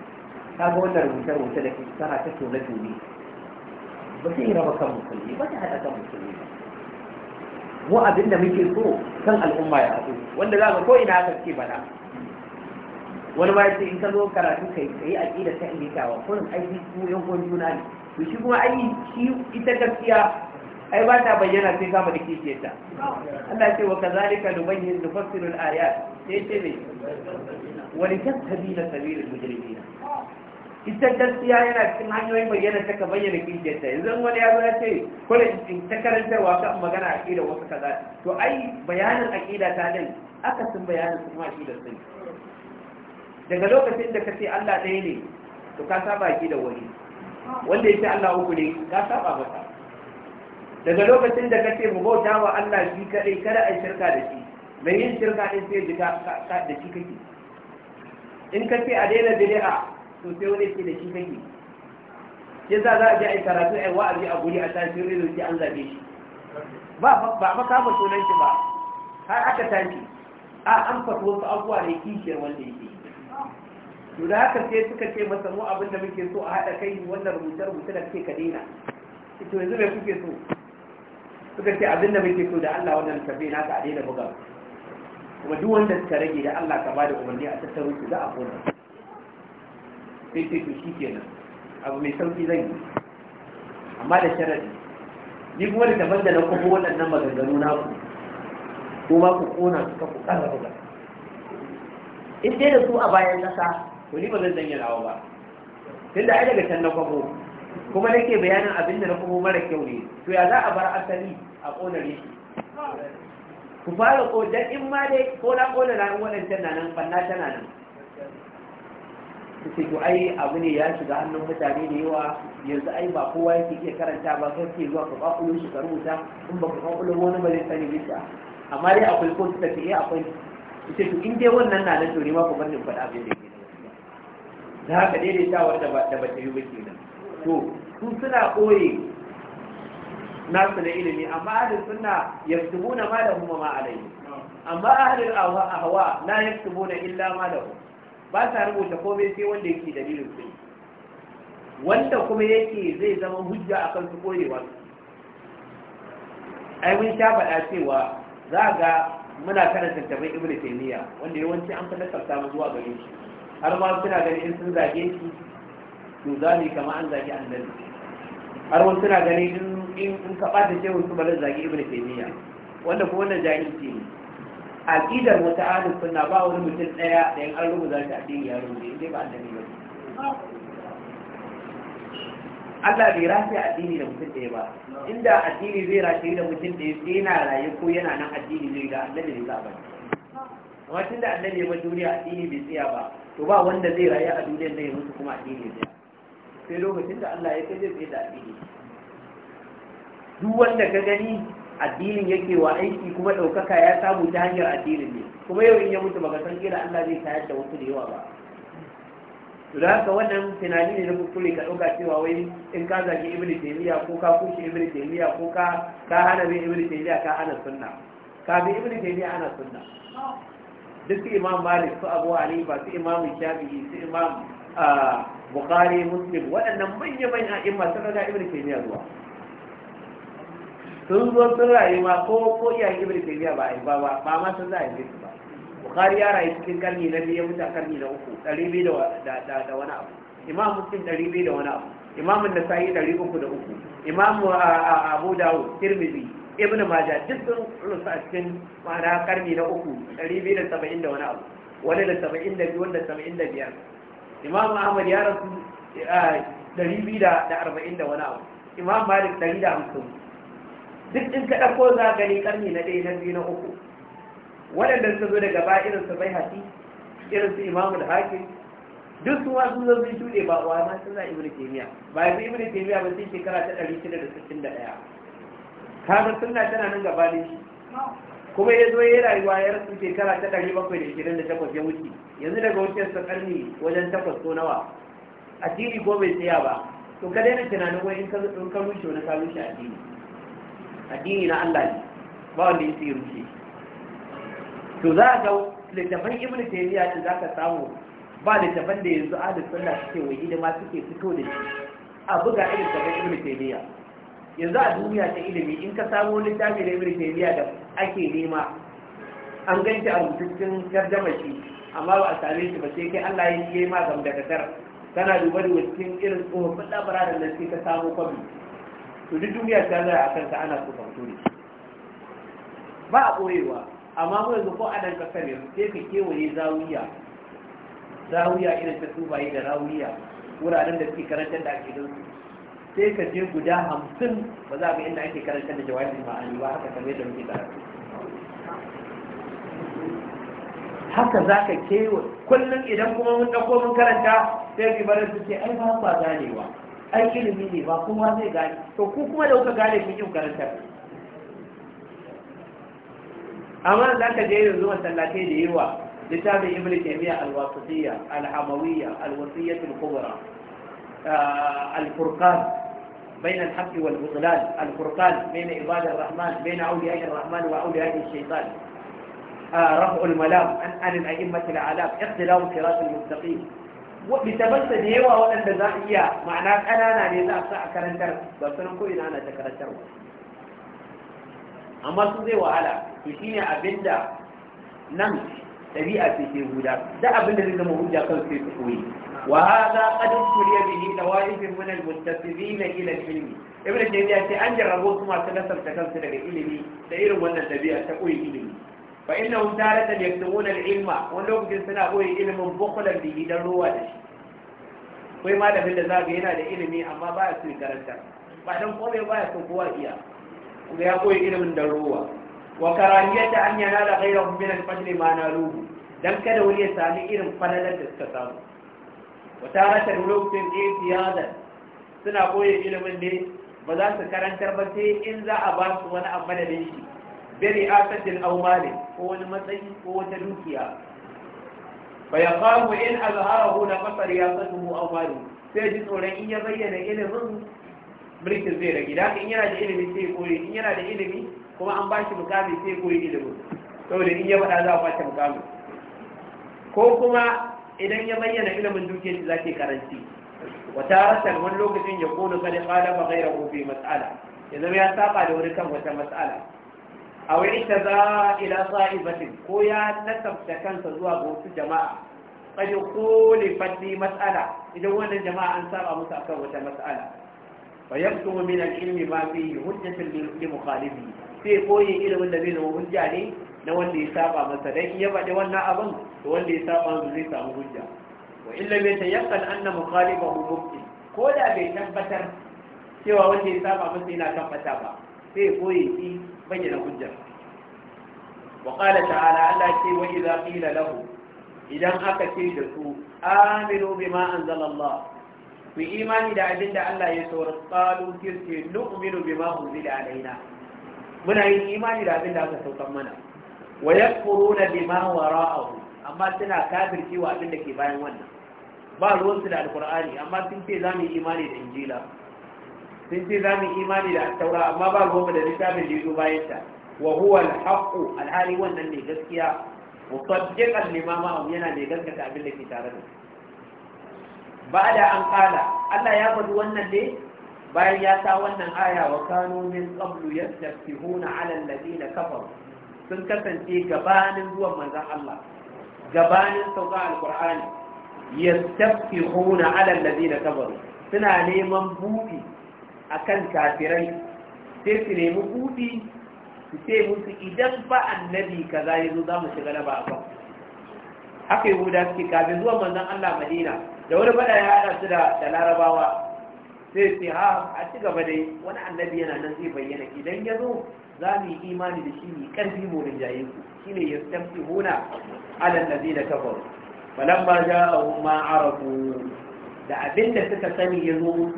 ta ga wannan rubutar rubuce da ke tana ta tone-tone ba sai raba kan musulmi ba ta haɗa kan musulmi ba mu abin da muke so kan al'umma ya haɗu wanda za ka ko ina haka ke bana wani ma yace in ka zo karatu kai kai aqida ta indikawa kullum aiki ku yankon juna ne to shi kuma ai shi ita gaskiya ai ba ta bayyana sai kama da kike ta Allah ya ce wa kazalika nubayyin nufassiru al-ayat sai ce ne wa litastabila sabilul mujrimina ita gaskiya yana cikin hanyoyin bayyana ta ka bayyana kinkinta yanzu wani ya ya ce kwale ta karantarwa kan magana a ƙida wasu kaza to ai bayanin a ƙida ta nan aka sun bayanin su kuma ƙida sun daga lokacin da ka ce Allah ɗaya ne to ka saba a ƙida wani wanda ya ce Allah uku ne ka saba masa daga lokacin da ka ce mu bauta wa Allah shi kaɗai kada a shirka da shi mai yin shirka ɗin sai ji da shi kake in ka ce a daina bid'a to sai wani ce da shi kake ya za za a ji a yi karatu a yi wa'azi a guri a tashi wani zai an zabe shi ba ba kama sunan shi ba har aka tashi a an fasu wasu abubuwa ne kishiyar wanda yake to da haka sai suka ce masa mu abin da muke so a haɗa kai wannan rubuce-rubuce da ke ka daina to yanzu mai kuke so suka ce abin da muke so da Allah wannan tafi naka a daina buga kuma duk wanda suka rage da Allah ka bada umarni a tattaro su za a kona sai ce to shi kenan abu mai sauki zan yi amma da sharadi ni kuma da daban da na kuma waɗannan maganganu na ku ko ma ku kona su ka ku ƙara buga in dai da su a bayan ƙasa to ni ba zan zanya nawa ba tunda ai daga can na kofo, kuma nake bayanin abin da na kofo mara kyau ne to ya za a bar asali a ƙona shi ku fara ko dan in ma dai ko na ƙona na waɗancan na nan ɓanna tana nan su to ai abu ne ya shiga hannun mutane da yawa yanzu ai ba kowa yake iya karanta ba sai ke zuwa ka kwakulo shi ka rubuta in ba ka kwakulo wani ba zai sani bisa amma dai akwai ko suka ce eh akwai su ce to in dai wannan na nan to ne ma ku ni faɗa abin da ke da haka daidaitawar da ba ta yi ba kenan to su suna koye nasu na ilimi amma adin suna yaktubuna ma lahum ma alayhi amma ahlul ahwa la yaktubuna illa ma ba sa rubuta komai sai wanda yake dalilin sai wanda kuma yake zai zama hujja akan su korewa ai mun sha faɗa cewa za ga muna karanta tabai ibn taymiya wanda yawanci an fi nasarta mu zuwa gare shi har ma suna ganin in sun zage shi to zani kama an zage annabi har wani suna ganin in in ka bata shehu su bala zage ibn taymiya wanda ko wannan jahilci ne Akidar wata alif suna ba wani mutum daya da yin an rubuta shi addini ya rubuta inda ba annabi ba Allah bai rafi addini da mutum ɗaya ba inda addini zai rafi da mutum ɗaya sai yana raye ko yana nan addini zai ga annabi ne za ba amma tun da annabi ya duniya addini bai tsaya ba to ba wanda zai raye a duniyar nan ya mutu kuma addini ya sai lokacin da Allah ya kai zai da addini duk wanda ka gani addinin yake wa aiki kuma ɗaukaka ya samu ta hanyar addinin ne kuma yau in ya mutu baka san kira Allah zai tayar da wasu da yawa ba to da haka wannan tunani ne na kuskure ka ɗauka cewa wai in ka zagi ibn taymiya ko ka kushe ibn taymiya ko ka ka hana bi ibn taymiya ka hana sunna ka bi ibn taymiya ana sunna duk imam malik su abu ba su imam shafi'i su imam ah, bukhari muslim waɗannan manya-manyan a'imma sun raga ibn taymiya zuwa sun zo sun rayu ma ko ko iya ibn tafiya ba a ba ba ba ma sun rayu su ba bukhari ya rayu cikin karni na biyu mutan karni na uku ɗari biyu da wani abu imam muslim ɗari biyu da wani abu imam nasa'i ɗari uku da uku imam abu dawo tirmidhi ibn majah duk sun rusa a cikin ma'ana karni na uku ɗari biyu da saba'in da wani abu wani da saba'in da biyu wani da saba'in da biyar imam ahmad ya rasu ɗari biyu da arba'in da wani abu imam malik ɗari da hamsin duk in ka ɗauko za gani ƙarni na ɗaya na biyu na uku waɗanda suka zo daga baya su bai hafi irin su imamu da hakim duk su wasu zo sun shuɗe ba wa ma suna ibnu taymiya ba yanzu ibnu taymiya ba sai shekara ta ɗari shida da sittin da ɗaya kaga sunna tana nan gaba da shi kuma ya zo ya rayuwa ya rasu shekara ta ɗari bakwai da ishirin da takwas ya wuce yanzu daga wucin sa ƙarni wajen takwas ko nawa addini ko bai tsaya ba to ka daina tunanin wai in ka rushe wani ka a addini addini na Allah ne ba wanda yake rufe to za ga littattafan ibn taymiya za ka samu ba littattafan da yanzu da sunna suke wai hidima suke fito da shi a buga irin da ibn taymiya yanzu a duniya ta ilimi in ka samu littafi da ibn taymiya da ake nema an ganta a rubutun tarjama shi amma ba a same shi ba sai kai Allah ya yi ma gam da kasar kana duba da irin tsohon fada bara da nan sai ka samu kwabi to duk duniya ta zai a kanta ana so kwanto ne ba a ɓoyewa amma mu yanzu ko a nan ƙasar yanzu sai ka kewaye zawiya zawiya irin ta tubaye da rawiya wuraren da suke karantar da ake don sai ka je guda hamsin ba za a ga inda ake karantar da jawabin ma'ani ba haka kamar yadda muke da haka za ka kewa kullum idan kuma mun ɗauko mun karanta sai mu barin su ce ai ba ba ganewa ai ilimi ne ba kuma zai gane to ku kuma da kuka gane kun yin karantar amma za ka je yanzu masallatai da yawa littafin ibn taymiya al-wasitiyya kubra al بين الحق والبطلان الفرقان بين عباد الرحمن بين اولياء الرحمن واولياء الشيطان رفع الملام عن الائمه العلام اختلاف صراط المستقيم littafansa da yawa waɗanda za a iya ma'ana ƙanana ne za a sa a karantar ba sanin ko ina ana ta karantarwa amma su zai wahala to shine da nan ɗabi'a ce ke huda da abinda zai zama hujja kan sai su koyi wa hadha qad kuriya bihi tawaifin min al-muntasibin ila al-ilm ibn taymiyyah ce an jarrabo su masu nasarta kansu daga ilimi da irin wannan ɗabi'a ta koyi ilimi fa innahum taratan yaktumuna al-ilma wani lokacin suna boye ilimin bukhlan bihi dan ruwa da shi akwai malamin da za ga yana da ilimi amma ba ya so karanta ba dan ba ya so kowa iya kuma ya koyi ilimin dan ruwa wa karahiyata an yana da ghayrahu min al-fadli ma naluhu dan kada wani ya sami irin falalar da suka samu wa taratan lokacin ihtiyada suna koyi ilimin ne ba za su karantar ba sai in za a ba su wani abu da shi bari asatin aw malin ko wani matsayi ko wata dukiya fa yaqamu in a azharahu la ya sanu mu malin sai ji tsoron in ya bayyana ilimin mulkin zai rage da in yana da ilimi sai koyi in yana da ilimi kuma an ba shi mukami sai koyi ilimin saboda in ya faɗa za a kwace mukamin ko kuma idan ya bayyana ilimin dukiyar za ta karanci wata rasar wani lokacin ya kone kada kala ba gaira ko mas'ala ya zama ya saba da wani kan wata mas'ala a wani ta za ila sa'ibatin ko ya nasabta kansa zuwa ga wasu jama'a ko ne fadi matsala, idan wannan jama'a an saba musu akan wata matsala. fa yaktumu min al-ilmi ma fihi hujjatun li mukhalifi sai koyi ilimin da zai hujja ne na wanda ya saba masa dan ya faɗi wannan abin to wanda ya saba masa zai samu hujja wa illa bai tayaqqan anna mukhalifahu mubti ko da bai tabbatar cewa wanda ya saba masa yana tabbata ba sai boye ki bayyana hujja wa qala ta'ala Allah ce wa idza qila lahu idan aka ce da su aminu bima anzalallah ku imani da abin da Allah ya saura qalu kirti nu'minu bima unzila alaina muna yin imani da abin da aka saukan mana wa yakfuruna bima wara'ahu amma suna kafircewa abin da ke bayan wannan ba ruwan su da alqur'ani amma sun ce za mu yi imani da injila sun ce za mu imani da attaura amma ba ruwanmu da littafin da yazo bayan ta wa huwa al alhali wannan ne gaskiya musaddiqan lima ma'ahum yana ne gaskata abin da ke tare da ba da an kala Allah ya faɗi wannan ne bayan ya sa wannan aya wa kanu min qablu yastafihuna 'ala alladhina kafaru sun kasance gabanin zuwan manzon Allah gabanin sauka alqur'ani yastafihuna 'ala alladhina kafaru suna neman buɗi akan kafirai sai su nemi buɗi su ce musu idan ba annabi kaza ya zo za mu shiga laba a kan haka yi huda suke kafin zuwa manzan Allah Madina da wani bada ya haɗa su da larabawa sai su ha a ci gaba dai wani annabi yana nan zai bayyana idan ya zo za mu yi imani da shi ne ƙarfi mu rinjaye ku shi ne ya tafi huna alal nazi da kafaru falamma ja'ahum ma arafu da abin da suka sani ya zo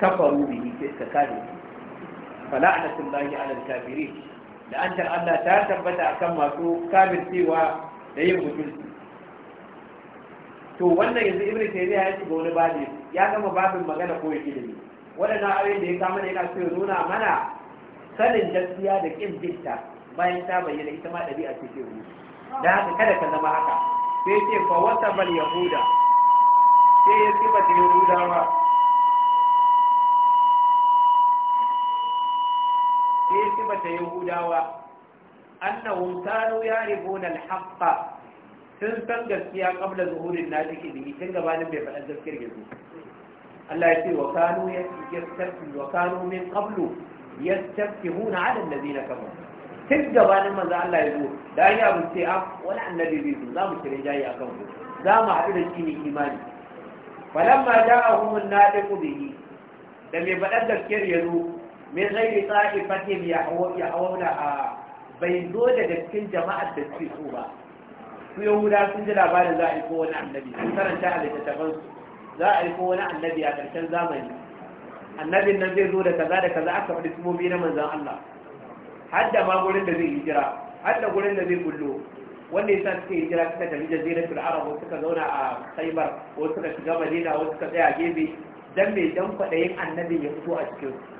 kafaru bihi sai suka kare fala'anatun lahi alal kafirin la'antar Allah ta tabbata akan masu cewa da yin mutunci to wannan yanzu ibnu taymiya ya shiga wani babi ya gama babin magana ko ya ilimi Wadannan ayoyin da ya kama ne yana so nuna mana sanin gaskiya da kin binta bayan ta bayyana ita ma ɗabi'a ce ce rubutu da haka kada ka zama haka sai ce fa wata bal yahuda sai ya sifata yahudawa aibata yahudawa annahum kanu yarifuna al-haqqa sun san gaskiya kabla zuhurin na jiki dimi tun gabanin bai faɗa gaskiyar gizo Allah ya ce wa kanu yastafi wa kanu min qablu yastafihuna ala allazina kafaru tun gabanin manzo Allah ya zo da ya abu ce a ah, wani annabi bai za mu kire jayi akan ku za mu haɗu da shi ne imani falamma ja'ahum an-nadiqu bihi da mai faɗa gaskiyar ya zo min ghairi ta'ifatin yahawuna a bai zo daga cikin jama'ar da suke so ba su yahuda sun ji labarin za a yi ko wani annabi sun karanta a littattafan su za a yi ko wani annabi a ƙarshen zamani annabin nan zai zo da kaza da kaza aka faɗi sumomi na manzan Allah har da ma gurin da zai hijira har da gurin da zai kullo wanda yasa suka hijira suka tafi jaziratul arab wasu suka zauna a khaybar wasu suka shiga madina wasu suka tsaya a gefe dan mai dan kwaɗayin annabi ya fito a cikin su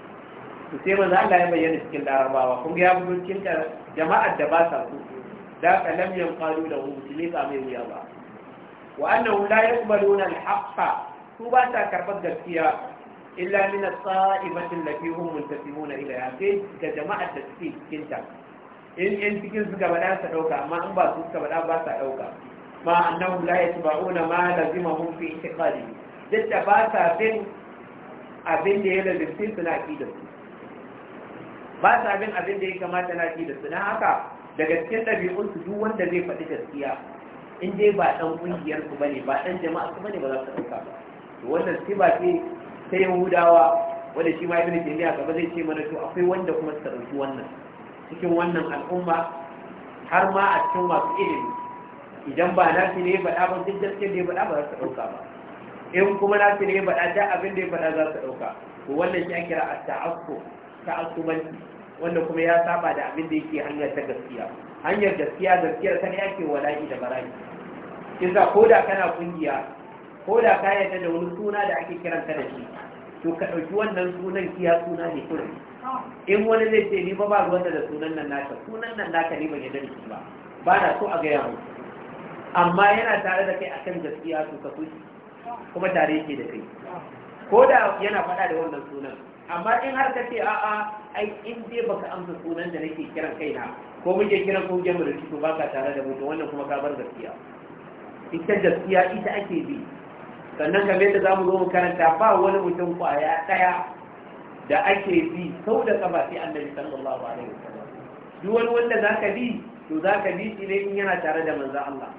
to sai manzo Allah ya bayyana cikin larabawa kun ga ya fito cikin jama'ar da ba sa su da kalam yan qalu da hu musulmi ka mai wuya ba wa annahu la yaqbaluna al-haqqa su ba sa karbar gaskiya illa min as-sa'ibati allati hum muntasimuna ilayha sai ga jama'ar da suke cikin ta in in cikin suka bada sa dauka amma in ba su suka bada ba sa dauka ma annahu la yatba'una ma lazimahum fi i'tiqadi dukka ba sa bin abin da ya lazimce su na aqidar su ba sa bin abin da ya kamata na fi da su na haka daga cikin su duk wanda zai faɗi gaskiya in dai ba ɗan ƙungiyar ba ne ba ɗan jama'a su ba ne ba za su ɗauka ba to wannan ba ce ta yahudawa wanda shi ma ibn taymiya gaba zai ce mana to akwai wanda kuma su ɗauki wannan cikin wannan al'umma har ma a cikin masu ilimi idan ba na ne ya faɗa ba duk gaskiyar da ya faɗa ba za su ɗauka ba in kuma na ne ya faɗa da abin da ya faɗa za su ɗauka to wannan shi an kira a ta'akko ta'assubanci wanda kuma ya saba da abin da yake hanyar ta gaskiya hanyar gaskiya gaskiyar ta ne ake wala'i da bara'i kisa ko da kana kungiya ko da ka yarda da wani suna da ake kiranta da shi to ka ɗauki wannan sunan kiya suna ne kuma. in wani zai ce ni ba ba wanda da sunan nan naka sunan nan naka ne ban yarda da shi ba ba na so a gaya mu amma yana tare da kai akan gaskiya to ka kuma tare yake da kai ko da yana faɗa da wannan sunan amma in har ka ce a'a ai in dai baka amsa sunan da nake kiran kaina ko muke kiran ko gemu da to baka tare da mutum wannan kuma ka bar gaskiya ita gaskiya ita ake bi sannan kamar yadda zamu zo mu karanta ba wani mutum kwaya daya da ake bi sau da kaba sai annabi sallallahu alaihi wasallam duk wani wanda zaka bi to zaka bi shi ne in yana tare da manzo Allah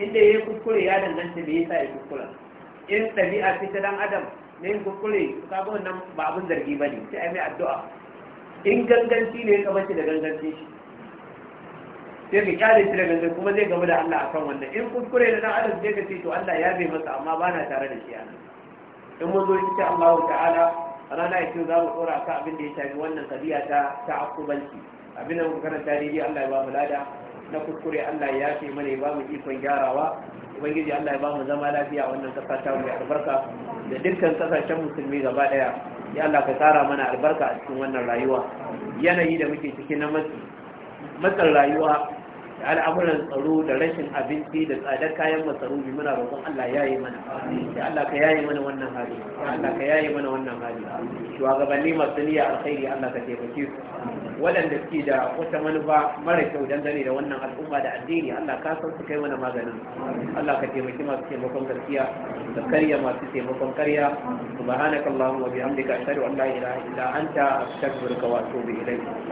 inda yayi kuskure ya danganta da yasa ya kuskura in ɗabi'a ce ta dan adam na yin ka ga wannan ba abun zargi bane sai ai yi mai addu'a in ganganci ne ya shi da ganganci shi sai ka kyale shi da ganganci kuma zai gamu da Allah akan wannan in kuskure da dan adam zai ka ce to Allah ya bai masa amma ba na tare da shi a in mun zo cikin Allah ta'ala rana na ce za mu tsora ka abin da ya shafi wannan kabiya ta ta akubanci abin da muka karanta dai Allah ya ba mu lada na kuskure Allah ya ce mana ya ba mu ikon gyarawa ubangiji Allah ya ba mu zama lafiya wannan kasa ta mu albarka da dukkan kasashen musulmi gaba daya ya Allah ka tsara mana albarka a cikin wannan rayuwa yanayi da muke ciki na matsin rayuwa da al'amuran tsaro da rashin abinci da tsadar kayan masarufi muna roƙon Allah ya yi mana ya Allah ka yayi mana wannan hali ya Allah ka yayi mana wannan hali shugabanni masu niyya alkhairi Allah ka taimake su waɗanda suke da wata manufa mara kyau dangane da wannan al'umma da addini Allah ka san su kai mana maganin Allah ka taimaki masu taimakon gaskiya da karya masu taimakon karya subhanakallahumma wa bihamdika ashhadu an la ilaha illa anta astaghfiruka wa atubu ilayk